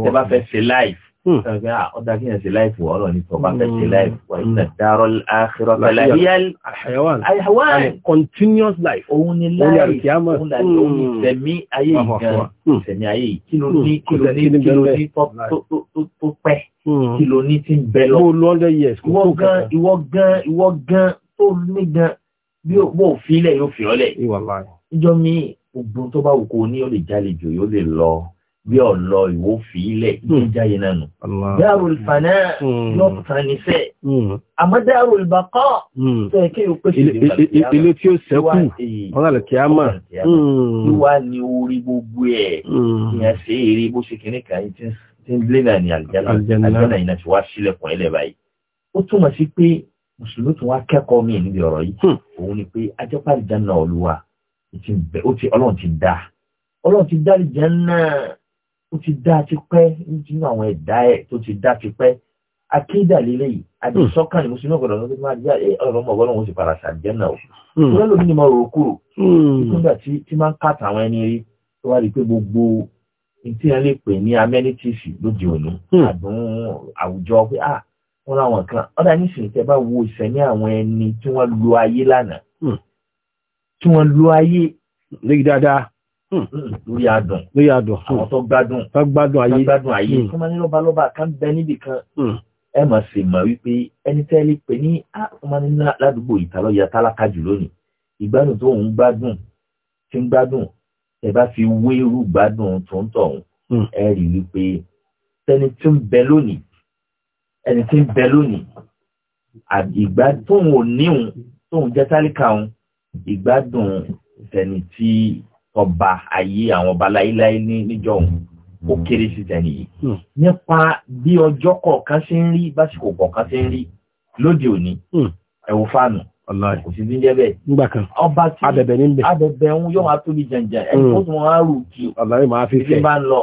tẹ bá fẹ́ ṣe life ọ̀dà hmm. ah, kí n ṣe life wọ ọlọ́run ní tọ́ba fẹ́ ṣe hmm. life wà iná dárọ̀ áhírọ́ta láyé continuous life òun life òun ni ìṣẹ̀mí ayé ìgan ìṣẹ̀mí ayé ti ń bẹ lọ. mo lọ́ọ́ lẹ́yẹ̀ ìwọ gan ìwọ gan ìwọ gan tó ní gan bí bó fi lẹ̀ yóò fi ọ́lẹ̀. ìjọ mi ogun tó bá wù kó ní ó lè jalè jù yóò lè lọ bí ọ̀lọ ìwò fi lẹ̀ yóò hmm. jáyé náà nù. darul fana hmm. yóò tán ní sẹ́ hmm. àmọ́ darul baqa kí o pèsè ilé tí ó sẹ́kù wọn lálẹ́ kí á mà. wíwá ni orí gbogbo ẹ̀ ìyẹn ṣe eré bó ṣe kìnnìkan kan ti ń lé náà ní àlùjáná àlùjáná yìí náà ti wá sílẹ̀kùn ẹlẹ́ báyìí. ó túmọ̀ sí pé mùsùlùmí tó wá kẹ́kọ̀ọ́ mi níbi ọ̀rọ̀ yìí hmm. òun ni pé ajọ́pàlì jẹ́nà olúwa ọlọ́run ti dá ọlọ́run ti dá jẹ́nà ó ti dá tipẹ́ nínú àwọn ẹ̀dá ẹ̀ tó ti da tipẹ́ akéda lílé yìí àdìsọ́kàn ni mùsùlùmí ọ̀gọ̀dọ̀ ló ti máa di ọ̀rọ̀ ọmọ ọ̀gọ́dọ̀ wọn sì fara ṣàjẹ́nà o ìwé hmm. lómi ni mo rò kúrò hmm. nígbà tí máa ń kàtà àwọn ẹni rí tó wá rí pé gbogbo ntí wọn lè pè ní amenities lóde òní àdùn àwùjọ pé ah wọn làwọn kan ọ̀dà nísìnyí tẹ́ bá wo ìsẹ̀mí àwọn ẹni tí wọ́n lo ayé lánàá hmm. tí wọ́n lo ayé. lórí dáadáa. Hmm. Hmm. lórí adùn. lórí adùn. àwọn tó gbádùn. tó gbádùn ayé. tó gbádùn ayé. kí wọ́n ní lọ́balọ́ba kan bẹ níbì kan. ẹ mọ̀ sí mọ̀ wípé ẹni tẹ́ lè pè ní ọmọ ah, ní ládùúgbò ìtàlọ́ ya tálákà jù lónìí ìgbádùn tó ń gbádùn tí ń gbádùn ẹ bá fi wéérú gbádùn tó ń tọ̀hún ẹ rí wípé tẹni tí ń bẹ lónìí ẹni tí ń bẹ lónìí àdìgbà tóun ò níhun tóun jẹ́ tálíkà òun ìgbádùn tẹni tí ọba ayé àwọn ọba láíláí níjọ òun ó kéré sí tẹni yìí hmm. nípa bí ọjọ́ kọ̀ọ̀kan ṣe ń rí básìkò kọ̀ọ̀kan ṣe ń rí lóde òní hmm. ẹ̀wò fáànù kò sí ní jẹ́ bẹ́ẹ̀. nígbà kan ọba tí abẹ̀bẹ̀ ní bẹ̀. abẹ̀bẹ̀ ń yóò máa tóbi jàǹjàǹ ẹni hmm. tó tún wọn rù kí. ọ̀la yóò máa fi fẹ́. ìdí máa ń lọ.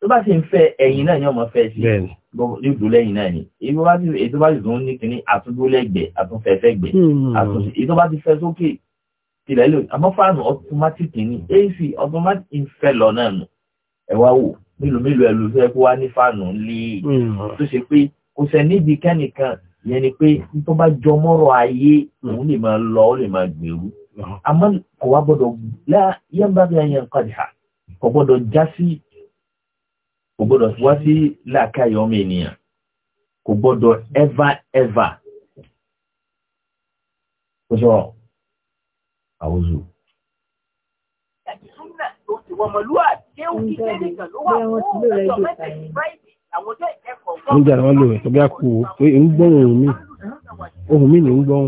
tó bá sì ń fẹ́ ẹ̀yìn náà ni ọmọ fẹ́ sí. bẹ́ẹ̀ni yóò lẹ́yìn náà ni èyí bá ti èyí tó bá ti tún ní kínní àtúndólẹ́gbẹ̀ àtúnfẹ́fẹ́gbẹ̀ àtúnṣe hmm. èyí tó bá ti fẹ́ sókè tilẹ̀ lò àmọ́ fáànù automatic ni ac automatic ń fẹ́ lọ náà nù ẹ wá wò mélòó mélòó ẹ ló fẹ́ kó wá ní fáànù lé hmm. tó ṣe pé kò sẹ́ níbi kẹ́nìkan yẹn ni pé tó bá jọ mọ́rọ̀ ayé hmm. òun lè máa lọ ó lè máa gbèrú àmọ́ kò wá gbọ́dọ̀ yẹn bá bí ẹyẹ nǹkan dì kò gbọ́dọ̀ wá sí làákàyè ọmọ ènìyàn kò gbọ́dọ̀ ever ever kò sọ̀rọ̀ àwùjọ. Nígbà wọn lò ẹ̀tọ́ bí a kú pé ń gbọ́n ohun mi, ohun mi ni ń gbọ́n.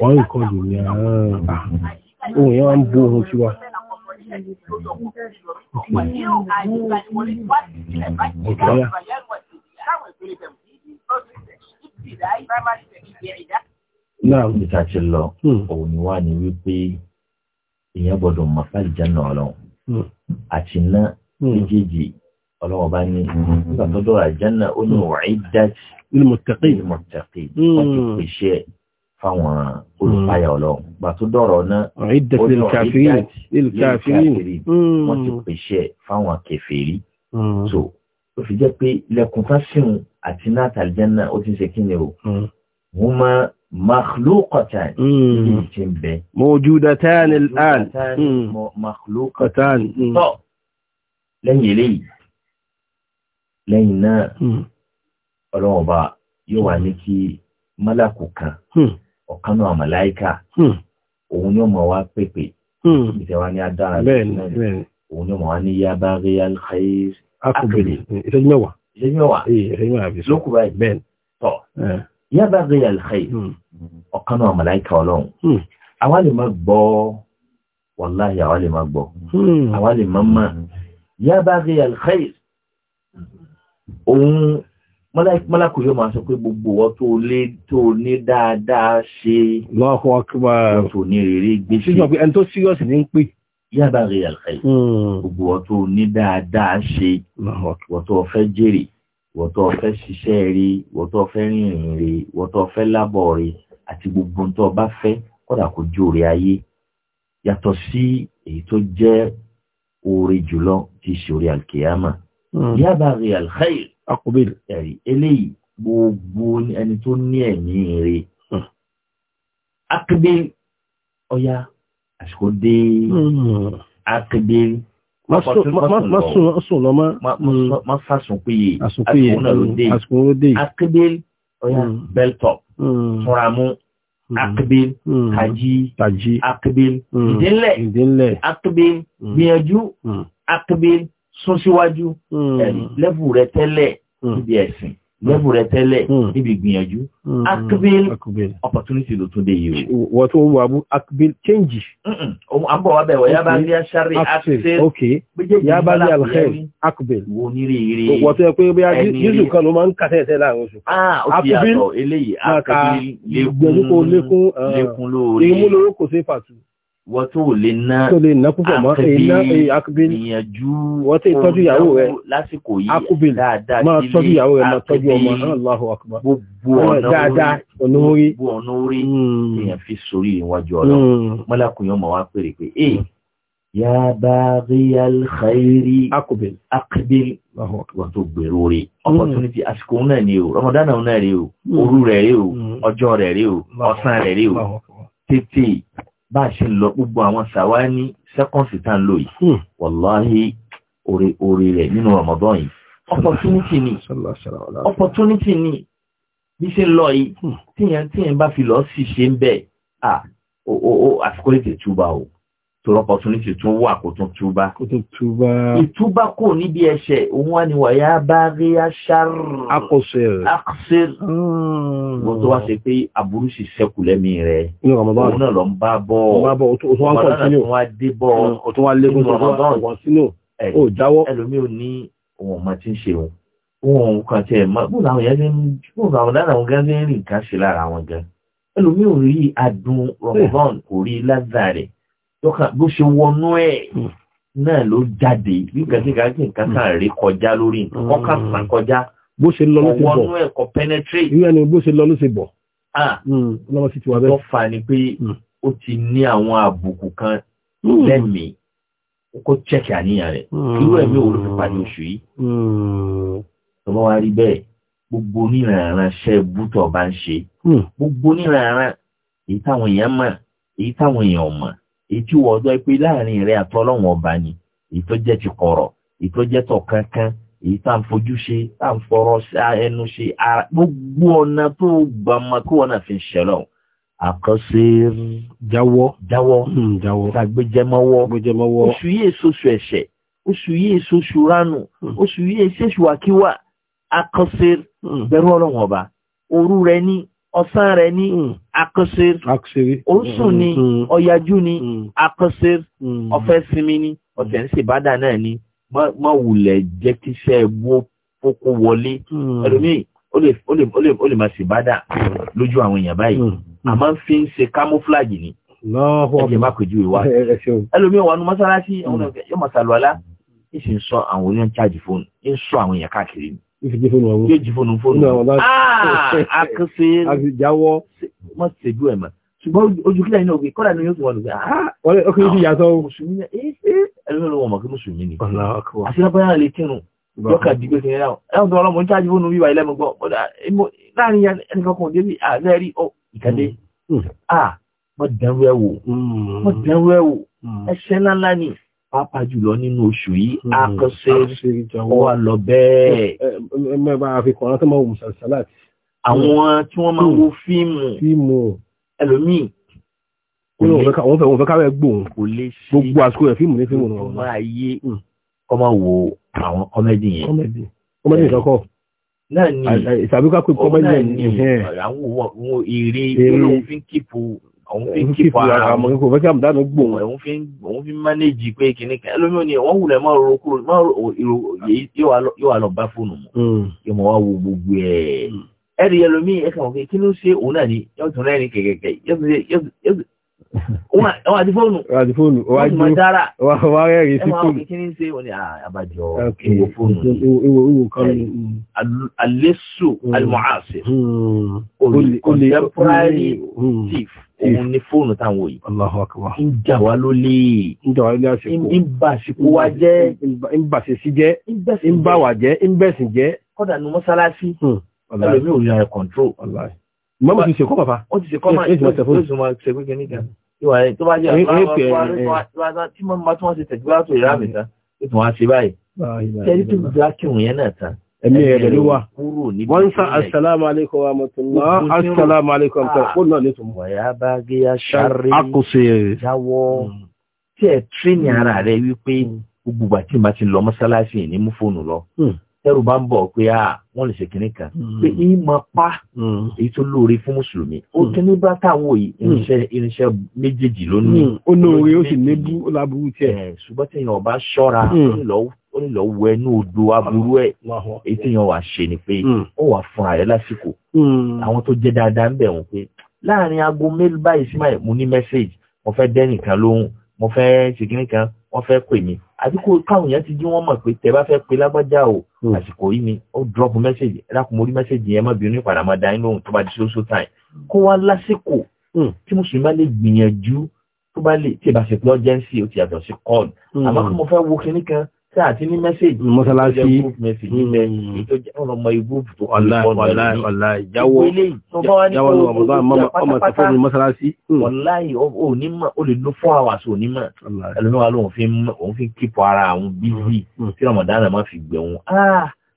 Wọ́n ń kọ́ lè ní àwọn láàrú ìta ti lọ hmm. òun ni wá ní wípé èèyàn gbọ́dọ̀ mọ fàlìjà náà Ọlọ́run hmm. àti iná hmm. méjèèjì Ọlọ́run bá ní nígbà tó dọ̀rọ̀ àjánà ó ní wàá dájú. ilmọ̀tàkì ilmọ̀tàkì wọ́n ti pèsè fáwọn hmm. olùpayà ọlọ́run gbà tó dọ̀rọ̀ náà ah, ó lọ ìdájì hmm. wọ́n ti pèsè fáwọn kèfèrí hmm. so ó fi jẹ́ pé lẹ́kùn fásihùn àti náà tàlìjánná ó ti ń ṣe kí ni o wọ́n máa makhluqatan ti ń bẹ. mawjudatan al-an makhluqatan tọ́ lẹ́yìn eléyìí lẹ́yìn náà ọlọ́run ọba yóò wà ní kí málàkù kan ọ̀kan náà màláíkà hmm. òun yóò mọ̀ wá pèpè hmm. ìṣẹ̀wá ní adára òun yóò mọ̀ wá ní yaba real khair akọ̀bẹ̀rẹ̀ ìṣẹ́jú mẹ́wàá ìṣẹ́jú mẹ́wàá ìṣẹ́jú mẹ́wàá lókù báyìí bẹ́ẹ̀ tọ̀ yaba real khair ọ̀kan náà màláíkà ọlọ́run hmm. àwa lè má gbọ́ wàláhì àwa lè má gbọ́ àwa lè má mọ̀ yaba real khair òun mọ́láìkú yóò máa sọ pé gbogbo ọ tó lé tó ní dáadáa ṣe lọ́kọ́ ọkọ̀ tó ní rere gbèsè sísọ pé ẹni tó serious ní ń pè yàbá rẹ àlàyé hmm. gbogbo ọ tó ní dáadáa ṣe wọ́tọ̀ ọ̀fẹ́ jèrè wọ́tọ̀ ọ̀fẹ́ ṣiṣẹ́ rí wọ́tọ̀ ọ̀fẹ́ rìnrìn rí wọ́tọ̀ ọ̀fẹ́ lábọ̀ rí àti gbogbo tó bá fẹ́ kọ́dà kó jóore ayé yàtọ̀ sí èyí tó jẹ́ oore jùlọ ti ṣòrí alkiyama hmm. yàbá rẹ àlàyé akọ̀bẹ̀ ẹ̀rí eléyìí gbogbo ẹni tó ní ẹ̀mí rẹ̀ hmm. akọ̀bẹ̀ ọya àsìkò dé akọ̀bẹ̀ mọ́sùn lọ́mọ́ mọ́sàsùn péye àsìkò náà ló dé hmm, akọ̀bẹ̀ ọya hmm. bẹ́ltọ̀p fúnra mú akbil tají tají akbil ìdínlẹ̀ ìdínlẹ̀ akbil gbìyànjú akbil sún síwájú hmm. lẹ́bù rẹ tẹ́lẹ̀ hmm. níbi ẹ̀sìn lẹ́bù rẹ tẹ́lẹ̀ hmm. níbi ìgbìyànjú akbil opportunity ló tún dé yìí o. wọ́n tó wà bú akbil change. ohun àbọ̀ wa bẹ̀ wọ̀ yaba ní asari akbil ok yaba ní alhail akbil. wo ní wọ́n tó yẹ pé bí kan ló máa ń kà tẹ́tẹ́ láàrin oṣù. Ah, akbil eléyìí akbil lékún lékún ah, lóore. kò sí fàtú wọ́n tó lè ná akubil ìyànjú wọ́n tó ìtọ́jú ìyàwó rẹ̀ lásìkò yìí akubil máa tọ́jú ìyàwó rẹ̀ máa tọ́jú ọmọ Allahu akbar gbogbo ọ̀nà orí hmm. èèyàn fi sórí ìwájú ọlọ́run hmm. mọ́lákùn yóò mọ̀ wá pèrè pé ee eh, ya baghiyal khairi akubil akubil wọ́n tó gbèrò rẹ̀ hmm. opportunity àsìkò náà ni o Ramadan náà rẹ̀ o òru rẹ̀ rẹ̀ o ọjọ́ rẹ̀ rẹ̀ o ọ̀sán rẹ̀ rẹ̀ o tètè bá ṣe lọ gbogbo àwọn sàwá ní sẹ́kọ̀nsì tá ń lò yìí hmm. wàláhí orí orí rẹ̀ nínú Ramadan yìí opportunity ni opportunity ni bí ṣe lọ yìí hmm. tíyẹn tíyẹn bá fi lọ sì ṣe ń bẹ́ẹ̀ àsìkò lè tètúbà o tó opportunity tó wà kó tún túbá. kó tún túbá. ìtúbá kò níbi ẹ̀ṣẹ̀ òun wá ní wàyá bá rí aṣáàrù. akọsẹ̀rẹ̀. akọsẹ̀rẹ̀. wọ́n hmm. tó wá ṣe pé aburú sì ṣẹ́kù lẹ́mí rẹ̀. ní Ramadan òun náà lọ ń bá bọ̀. ń bá bọ̀ o tún wá ń kọ̀ sínú. wọ́n á dé bọ̀. o hmm, tún wá lékún tó wọ́n sínú. o jáwọ́. ẹlòmíì ò ní òun ọmọ tí ń ṣe òun. òun kàn tiẹ̀ mọ́ bóun àwọn yẹn ń bóun àwọn lọ́kàn bó ṣe wọnú ẹ̀ hmm. náà ló jáde bí kàkíkà kí nǹkan kan rí kọjá lórí nǹkan kọ́kà sàn hmm. kọjá bó ṣe lọ ló ti bọ̀ wọnú ẹ̀ kọ penetrate ìwé ẹni bó ṣe lọ ló ah. hmm. ti bọ̀ lọ́wọ́ sí ti wà bẹ́ẹ̀. lọ́fà ni pé ó ti ní àwọn àbùkù kan lẹ́mìí kó chẹ́kì àníyàn rẹ̀ irú ẹ̀mí òun ló fi parí oṣù yìí tọ́wọ́ wá rí bẹ́ẹ̀ gbogbo oníranran ṣẹ́ bútọ̀ bá ń ṣe gbogbo oníranran èyí táwọn èèyàn mọ̀ èyí táwọn èèyàn mọ̀ èyí tí wọ́n dọ́ pé láàrin rẹ̀ àtọ́lọ́wọ̀n ọba ni èyí tó jẹ́ ti kọ̀rọ̀ èyí tó jẹ́ tọ̀ kankan èyí tá à ń fojú ṣe tá à ń fọ̀rọ̀ ẹnu ṣe ara gbogbo ọ̀nà tó gbàmọ́ kí wọ́n náà fi ń ṣẹlọ̀ àkọsí jáwọ́ jáwọ́ hmm, jáwọ́ tàgbéjẹmọ́wọ́ gbéjẹmọ́wọ́ oṣù yìí èso oṣù ẹ̀ṣẹ̀ oṣù yìí èso oṣù ránù hmm. oṣù yìí èso oṣù wákíwá àkọsí hmm. bẹ̀rù ọlọ́wọ̀n ọba òru rẹ ní ọ̀sán rẹ̀ ní akọ́sẹ́r oṣùn ní ọ̀yájú ní akọ́sẹ́r hmm. hmm. ọ̀fẹ́ sinmi ní ọ̀sẹ̀ ń ṣèbádà náà ní má wulẹ̀ jẹ́ kí iṣẹ́ ẹ̀gbọ́n kókó wọlé hmm. ẹlòmíì ó lè má ṣèbádà lójú àwọn èèyàn báyìí àmọ́ fi ń ṣe camouflage ni ẹ̀jẹ̀ má pèjú ìwà [laughs] ẹlòmíì wà nù mọ́sálásí yóò mọ̀ sàlùwàlá ìsìn sọ àwọn oníyàn charge fóònù ń sọ àwọn èèyàn káàkiri ni yóò jí fóònù fóònù ah akínfin àfìjáwọ́ wọ́n ti ṣèjú ẹ̀ mà ṣùgbọ́n ojú kílẹ̀ iná ògbé kọ́dà ni yóò tún wọn lò pé ọkùnrin ti yàtọ̀ o mùsùlùmí ni ẹni ló wọ̀ mọ̀ kí mùsùlùmí ni àti lápẹ́yà lè kírun lọ́kà dìgbé kìnìún náà ẹ̀rọ tó ọlọ́mọ ń ṣáájú fóònù wíwá ilé mi gbọ́ láàrin ẹnìkan kan débi àlẹ́rí ọ ìkàdé à mọ̀ dánwó ẹ̀ wò mọ̀ dánwó ẹ̀ wò ẹ̀ṣẹ̀ ńláńlá ni pàápàá jùlọ nínú oṣù yìí akọ́ṣe ọwọ́ lọ bẹ́ẹ̀. ẹ mẹ́ba àfikún ọ̀rọ̀ tó máa wù sàlẹ̀ sàlẹ̀ àti àwọn hmm. tí wọ́n máa hmm. wo fíìmù fíìmù ẹlòmíì wọ́n fẹ́ wọ́n fẹ́ káwẹ́ gbòòrùn kò lè ṣe gbogbo àsìkò rẹ̀ fíìmù ní fíìmù náà wọ́n máa yé hmm. kọ́ máa wo àwọn kọ́mẹ́dì yẹn kọ́mẹ́dì kọ́mẹ́dì ìkọ́kọ́ náà ni ìsàbíkà pé kọ́mẹ́dì yẹn àwọn eré olóhùn fi ń kípo òun fi ń kípo ara wọn kò fẹ́ kí àmúdánù gbòòrùn òun fi ń òun fi ń mánéjì pé kìnnì kan ẹlòmíràn ni wọ́n wulẹ̀ máa ro kúrò máa ro yóò wá lọ bá fóònù mọ́ yóò máa wá wo gbogbo ẹ̀ ẹ̀rí ẹlòmíì ẹ̀ka òkè kí ló ṣe òun náà ni yóò tún rẹ́rìn kẹ̀kẹ̀kẹ̀ yóò àti fóònù àti fóònù wàá ju wàá rẹ́rìn sí fóònù ẹ̀ máa kí ní ṣe òun ni àbájọ ìwò fóònù ìwò ìwò kan alẹ́sù alimọ́àṣẹ olùkọ́sẹ́pùrárì tíf òun ni fóònù táwọn yìí ń jà wá lólè ń bà sípò wá jẹ́ ń bà sí jẹ́ ń bà wà jẹ́ ń bẹ̀sìn jẹ́ kọ́dà nu mọ́sálásí. Hmm ẹlòmí ò yà ẹ kọ̀ǹtró. mọ́mọ́ ti ṣèkọ́ bàbá. ó ti ṣèkọ́ máa ń tó máa ṣe pé kíní kan. Mm. ìwà ẹ̀ tó bá jẹ́ àwọn tí wọ́n máa tún wọ́n ṣe tẹ̀síwájú tó ìrà mi tán ó tún wá ṣe báyìí. tẹ́lí tó gbá kírun yẹn náà tán. ẹ̀mí ẹ̀rẹ̀ ló wà. wọ́n ń sá asalaamu alaykum wa rahmatulah asalaamu alaykum wa rahmatulah kó náà ní tòun. wàyà bá gé ya sáré jáwọ́ mm. tí ẹ̀ tẹ́rù bá ń bọ̀ pé à wọ́n lè ṣe kìnní kan hmm. pé ìmọ̀ pa hmm. èyí tó lóore fún mùsùlùmí ó hmm. kìnní bá táwọn yìí irinṣẹ́ irinṣẹ́ méjèèjì ló ní. ó ní òwe ó sì lébú ó láburú tiẹ̀. ṣùgbọ́n tí èèyàn bá ṣọ́ra ó ní lọ́ọ́ wọ ẹnu odò aburú ẹ̀ èyí tí èèyàn wà ṣe ni pé ó wà fúnra rẹ̀ lásìkò àwọn tó jẹ́ dáadáa ń bẹ̀ wọ́n pé láàrin aago mélòó báyìí sí máa mú ní mẹ́sáàgì mo fẹ́ dẹ́nìkan lóhùn mo fẹ́ ṣe kíní kan wọ́n fẹ́ pè mí àbí kó káwọn èèyàn ti jí wọ́n mọ̀ pé tẹ́ bá fẹ́ pe lágbájá o hmm. àsìkò yìí ni ó drop message ẹ̀dàkùn mo rí message yẹn mọ́ bínú ìpàdà máa dání lóhùn tó bá di ṣoṣo time hmm. kó wá lásìkò hmm. tí mùsùlùmí bá lè gbìyànjú tó bá lè tí ìbá ṣe pé urgency ó ti yàtọ̀ sí call àmọ́ kí mo fẹ́ wo kíní kan tí a ti ní mẹ́sẹ̀jì mọ́sálásí ọlọ́mọ ibú ọ̀la ìjáwọ́ ìjáwọ́ ọmọ ìtẹ́fọ́ ní mọ́sálásí. wàláhì onímọ̀ o lè lo four hours onímọ̀ ẹlòmíwá ló ń fi kíkọ́ ara àwọn bízì tí Ramadan máa fi gbẹ̀wọ̀n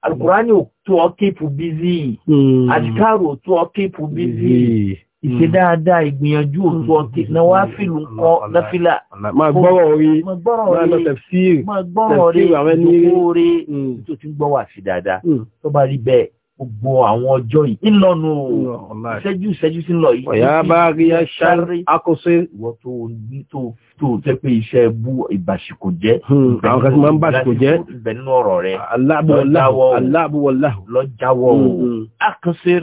alukurani ah, ò tó ọ kéèpù bízì hmm. àdìkárò ò tó ọ kéèpù bízì ìṣe hmm. dáadáa ìgbìyànjú hmm. òtú na náwó àfìlù kọ lọ́fílà. máa gbọ́rọ̀ orí máa gbọ́rọ̀ orí máa gbọ́rọ̀ orí ìdókòwò orí tó ti ń gbọ́ wà sí dáadáa hmm. tó bá rí bẹ́ẹ̀ gbogbo àwọn ọjọ́ yìí ńlọnu ìṣẹ́jú ìṣẹ́jú sí ńlọ yìí. ọ̀yá bá rí aṣáré akọ́sẹ́. ìwọ tó ní tó tó jẹ́ pé iṣẹ́ bú ìbàṣìkò jẹ́. àwọn kan tí máa ń bàṣìkò jẹ́. ibẹ̀ nínú ọ̀rọ̀ rẹ̀. aláàbò wọláhù aláàbò akọ́sẹ́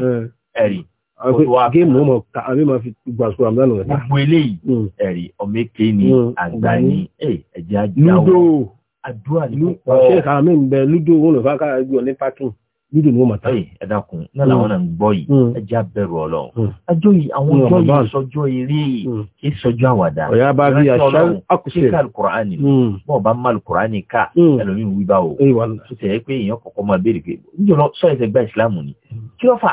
ẹ̀rì géèmù ọmọ àmì máa fi gbàsùkú àmì rẹ̀. gbogbo eléyìí mm. ẹ̀rí ọmọkè ni mm. àgbà mm. ni ẹ̀jẹ̀ àjọ àdúrà ní púpọ̀. ṣé ìka mi ń bẹ lúdò wọn lọ́fà ká gbé ọ ní pákìn lúdò ni wọ́n máa ta. ẹ dákun náà làwọn náà ń gbọ́ yìí ẹjẹ́ abẹ́rù ọlọ́run. ajọ́ yìí àwọn ọjọ́ yìí sọjọ́ eré yìí kì í sọjọ́ àwàdà. ọ̀yá bá rí aṣọ àkùsẹ̀. kíkà alukur'ani bọ́ọ̀ bá má alukur'ani ká ẹlòmíì wí o. tó tẹ̀ pé èèyàn kọ̀ọ̀kan máa béèrè pé níjọ́ lọ sọ ẹ̀sẹ̀ gba ìsìlámù ni kí ló fà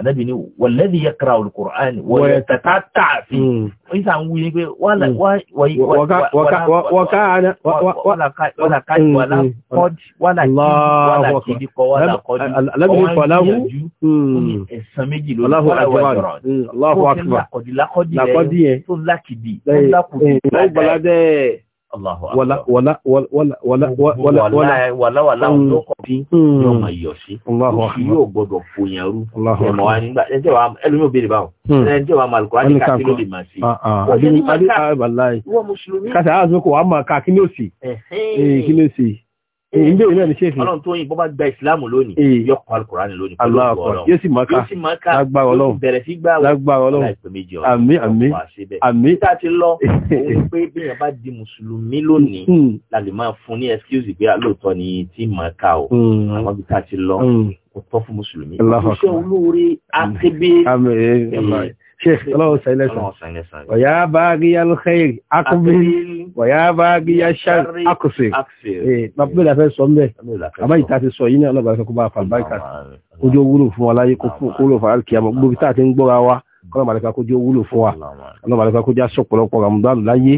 Mm. ànábì ni wọ̀lẹ́dì yẹ kíra olùkùrán wọ̀yẹ̀ tẹ̀tà tààfì ìsà ń wúyẹ pé wọ́lá kọ́dí ẹ̀sán méjì lórí mm, wala wala wala wala wala wala wala wala mm. ọdún kọfí mm. yóò máa yọ sí oṣù yóò gbọ́dọ̀ fòyàn rú ẹmọ wa nígbà ẹjẹ wa ẹlòmí ò béèrè báwọn ẹjẹ wa màlùkọ á ní kàkí ló lè máa ṣe ọjọ́ ah, ah. ní máa ká ah, wọ́n mùsùlùmí kàtà àzùkọ àmà kàkí ní òsì kí ní òsì ìbéèrè náà ni ṣe fi ọlọ́run tó yìn bọ́ bá gba ìsìláàmù lónìí yọ kọ́ alukurani lónìí pẹ̀lú ọlọ́run yóò maka yóò sì maka sí gbà wọ́n láìpẹ́ méjì ọ̀rọ̀ àmì àmì àmì tá ti lọ [laughs] òun pé bí yẹn bá di mùsùlùmí lónìí hmm. la máa fún ní excuse pé ah, lóòótọ́ ni tí maka o hmm. àwọn bí tá ti lọ hmm. kò tọ́ fún mùsùlùmí iṣẹ́ olóore akébé sheikh ọlọ́run sẹ́lẹ̀sàn ọ̀yá bá gíyà lókèrè akúbíl ọ̀yá bá gíyà ṣàrí akùsè pàpílẹ̀ fẹ́ sọ mẹ́ àbáyì tá ti sọ yìí ní ọlọ́gbà fẹ́ kó bá fàlbáìkà kójú wúlò fún wa láyé kó lò fàá kí a mọ̀ gbóbi tá a ti ń gbọ́ra wa kọ́lọ́màlẹ́ka kójú wúlò fún wa ọlọ́màlẹ́ka kójú aṣọ́pọ̀lọpọ̀ ramadan láyé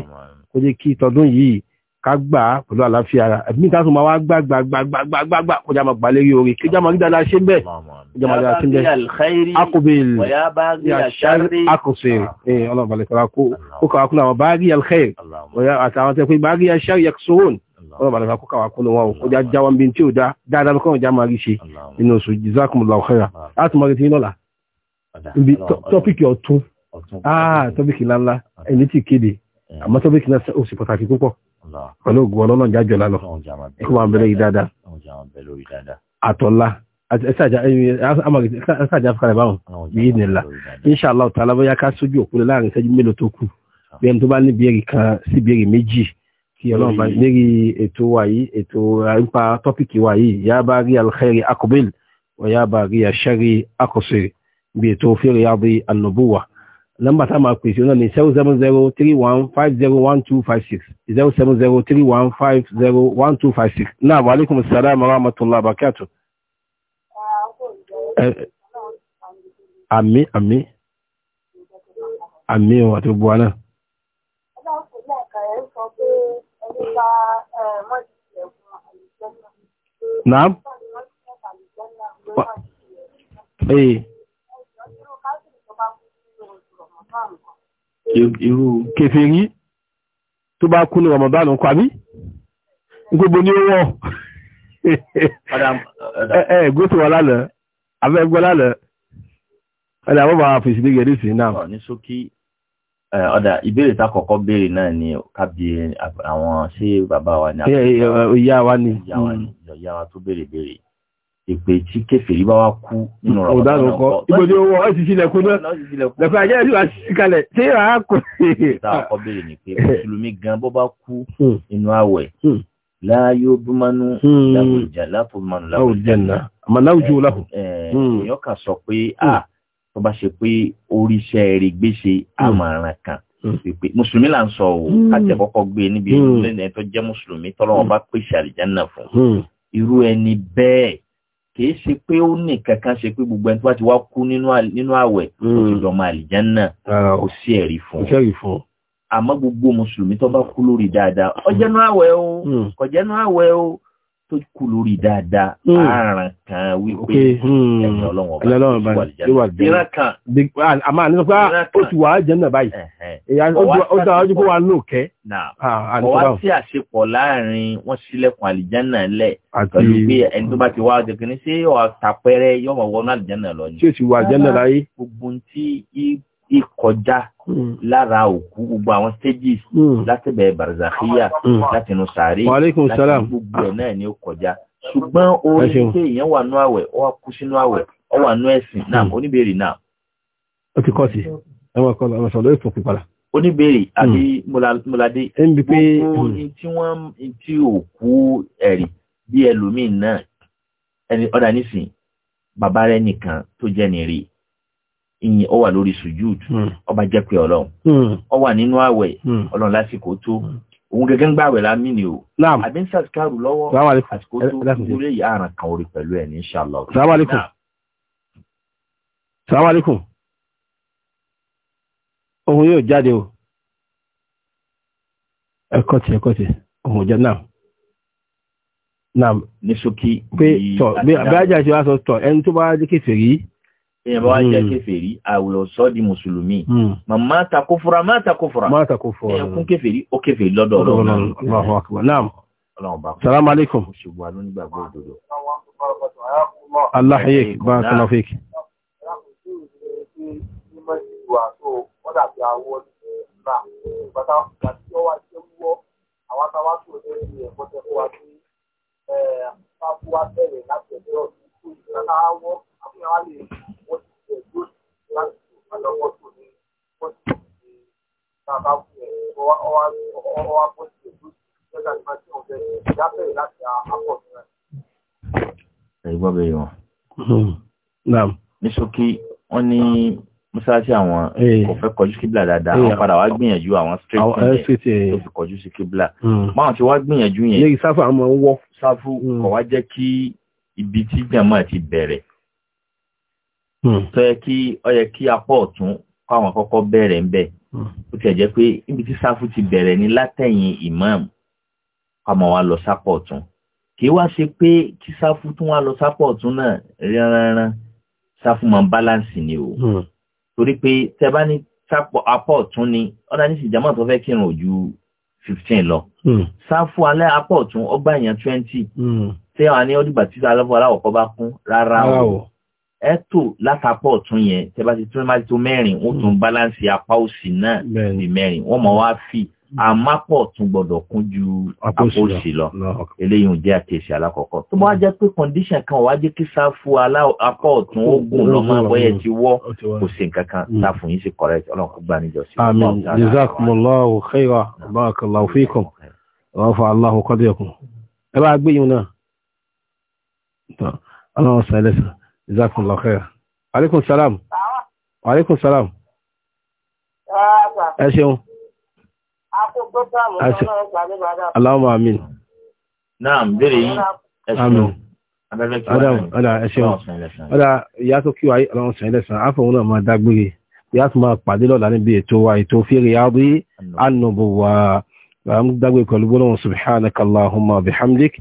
kójú kí tọdún yìí ká gbà á pẹ̀lú àlàáfíà ara ẹ̀bí ká tún máa wá gbà gbà gbà gbà gbà gbà gbà kọjá máa gbalẹ̀ yìí orí kíjá máa rí dáadáa ṣe ń bẹ̀ kíjá máa dáadáa ṣe ń bẹ̀ akọbẹ̀lì akọsẹ̀rẹ̀ ẹ̀ ọlọ́run balẹ̀ kọ́ra kó ó kàwá kúnlẹ̀ àwọn báárí alkhair àtàwọn tẹ́ pé báárí aṣáàrí yakusoron ọlọ́run balẹ̀ kó kàwá kúnlẹ̀ wọn kọjá jáwá bí tí ò dá dáadáa kọ́ ọjà máa rí ṣe nínú oṣù jazakumullahu ah tọ́pìkì ah, ńláńlá ẹni tí kéde eh. àmọ́ tọ́pìkì náà pẹ̀lú ògùn ọlọ́nà jájọ lánà kó máa bẹ̀rẹ̀ yìí dáadáa àtọ́lá ẹ̀sàjà fúkalẹ̀ báwọn yìí nìlá inṣàlá ọ̀tàlá bóyá ká sójú òkúlẹ̀ láàrin ìṣẹ́jú mélòó tó kù bí ẹni tó bá ní bíèrè kan sí bíèrè méjì kí ọlọ́run bá lérí ètò wa yìí ètò nípa tọ́pìkì wa yìí yá bá rí alkhairi akọ̀bẹ́lì wọ́n yá bá rí àṣẹ́rí akọ̀sẹ̀rẹ̀ bí ètò fẹ́rẹ̀ yá bí ànàbúwà nọ́mbà tá a máa pèsè náà ni zero seven zero three one five zero one two five six zero seven zero three one five zero one two five six náà wàhálẹ́kùn sàrà mọ́ra mọ́tòlá àbákẹ́tù. àmì àmì àmì ọ̀ àti gbogbo náà. Naam. Ee irú kèfèrí tó bá kú ní Ramadan kọ àbí gbogbo ní ó wọ́ ẹ̀ gbóṣù wà lánàá abẹ́gbọ́ lánàá ọ̀dà wọ́n máa fèsì lóye ní ìsìn náà. ní ṣókí ọ̀dà ìbéèrè tá béèrè náà ni kábí àwọn ṣé bàbá wa ni. ìyá wa ni ìyá wa mm. tó béèrè béèrè ìpè tí kèfèrí bá wá kú nínú ọ̀rọ̀ ọ̀dánù kọ́ ibo ni owó ọ̀sì sílẹ̀ kú náà lẹ́fẹ́ ajá ìlú àṣìkalẹ̀ tí ìrà kò sí. ni pé [laughs] mùsùlùmí gan bó bá kú hmm. inú àwẹ̀ láàyò bímánú làwùjá látòmánú làwùjá náà àmọ́ láwùjọ làwù. èèyàn kan sọ hmm. a ah, tó bá ṣe pé oríṣẹ́ rẹ̀ gbéṣe àmọ̀ràn hmm. kan pé mùsùlùmí là ń sọ o àti ẹ̀kọ́kọ́ gbé e níbi ìlú lẹ́nu ẹ̀ tó jẹ́ mùsùlùmí tọ́lọ́wọ́n bá pèsè àlìjánà fún irú ẹni bẹ́ẹ̀ kìí ṣe pé ó nìkan kan ṣe pé gbogbo ẹni tó bá ti wá kú nínú àwẹ̀ tó hmm. ti dọ̀mọ àlìjánná kò sí ẹ̀rí fún àmọ́ gbogbo mùsùlùmí tó bá kú lórí dáadáa ọjẹ́nú àwẹ̀ o hmm. kọjẹ́nú àwẹ̀ o tó kú lórí dáadáa hmm. àrùn kan wípé hmm. ẹ̀yìn ọlọ́run ọba yóò wà jẹ́ ìran kan. àmọ́ àní sọ pé ó ti wà á jẹ́ náà báyìí ó dá ọjọ́ pé wà á nù kẹ́. ọwá tí àṣepọ̀ láàrin wọ́n sílẹ̀kùn àlìjánà lẹ̀ pẹ̀lú pé ẹni tó bá ti wá ọjọ́ kìíní ṣé ọ̀tàpẹ́rẹ́ yóò wọ́n wọnú àlìjánà lọ ni. ṣé o ti àlìjánà láyé. gbogbo ohun tí ìkọjá hmm. lára òkú gbogbo àwọn stages hmm. látẹ̀bẹ̀ barzakhiya hmm. látinú sàárè láti gbogbo ẹ̀ náà ni ó kọjá ṣùgbọ́n orí pé èèyàn wà nú àwẹ̀ ó wà kú sínú àwẹ̀ ó wà nú ẹ̀sìn náà oníbèrè náà. ó ti kọ́ sí ẹ̀wọ̀n kan ọ̀nà sọ̀rọ̀ ètò pípadà. oníbèrè àbí múladé gbogbo ní tí wọ́n ti òkú ẹ̀rì bí ẹlòmíín náà ìyìn ọ wà lórí sujud ọba hmm. jẹ́ pé ọlọ́run ọ hmm. wà nínú àwẹ̀ hmm. ọlọ́run lásìkò tó òun gẹ́gẹ́ ń gbàwẹ̀ lámì ni o àbí ń sàṣkárù lọ́wọ́ àsìkò tó lórí èyí àràn kan orí pẹ̀lú ẹ̀ ní ṣàlọ́. ohun yóò jáde o ẹ̀kọ́ tí ẹ̀kọ́ ohun jẹ́ náà náà ní ṣókí pé tọ̀ bí ajá ṣe wá sọ èèyàn bá wá jẹ́ hmm. kèfèrí àwẹ̀ ọ̀sọ́ di mùsùlùmí hmm. mà má ta kó fura má ta kó fura má ta kó fura èèyàn kún kèfèrí ó kèfèrí lọ́dọ̀ ọlọ́run salamu alaikum aláhìyè bá a kọ́nà fèkì. Àwọn táwa tó lé ní ẹ̀kọ́ tẹ́kọ̀ọ́ wa sí ẹ̀ẹ́dá fún wa bẹ̀rẹ̀ láti ẹ̀dẹ́ ọ̀sùn tó ìgbà náà wọ́pọ̀. Ẹ̀gbọ́ bẹ̀rẹ̀ wọn. Hmm. Ní ṣókí, wọ́n ní mọ́sáàsì àwọn kò fẹ́ kọjú kíbla dáadáa, àwọn padà wá gbìyànjú àwọn straight tó fi kọjú sí kíbla. Hmm. Báwọn ti wá gbìyànjú yẹn. Ní ìsáfù àwọn ọmọ ń wọ́. Sáfù kò wá jẹ́ kí ibi tí jàmáà ti bẹ̀rẹ̀. Hmm. tó yẹ kí ó yẹ kí apá ọ̀tún káwọn àkọ́kọ́ bẹ̀rẹ̀ ń bẹ̀ hmm. ó tiẹ̀ jẹ́ pé ibi tí sáfù ti bẹ̀rẹ̀ ni látẹ̀yìn ìmáàmù káwọn wa lọ sápá ọ̀tún kì í wá ṣe pé kí sáfù tún wá lọ sápá ọ̀tún náà rẹ́rẹ́rẹ́ sáfù máa ń báláǹsì ni o hmm. torí pé tẹ bá ní apá ọ̀tún ni ọ̀dà ní ìsìjàmọ́ tó fẹ́ kírun ojú fifteen lọ. sáfù alẹ́ apọ̀ tún ọgbà èèyàn twenty. tí àwọn ní ọdún bàtí aláfọ aláwọ̀ kọ́ bá kún rárá o ẹ tò látàpọ̀ ọ̀tún yẹn tẹ bá ti tún bá ti tó mẹ́rin ó tún hmm. báláǹsì apá òsì náà di mẹ́rin wọ́n mọ̀ wá fì hmm. àmápọ̀ tún gbọ́dọ̀ kún ju apá òsì lọ eléyìí ò jẹ́ àkèsí alákọ̀ọ́kọ́ tó bá hmm. jẹ́ pé condition kan wàá jẹ́ kí sáfù apá ọ̀tún ogun lọ́mọ bọ́yẹ̀ ti wọ́ kò sí nǹkan kan sáfù yìí sì correct ọlọ́run kó gbà níjọ sí. àmín jazakumullahu khaira barakallahu fikum rafa allahu qadiyakum ẹ bá gbé yín náà ọlọ́run sọ ẹlẹ́sìn. Jazakallah khair. Aleykum salam. Aleykum salam. Ẹ ṣeun. Allahumma amin. Náà bèèrè yìí. Amin. Adam, ẹ ṣeun. Ọ̀dà ìyá tó kí wáyé ọlọ́run sẹ́yìn lẹ́sàn-án, àfọ̀hún náà máa dágbére. Ìyá tó máa pàdé lọ́la níbi ètò wa ètò fèrè àbí ànàbọ̀wà. Àwọn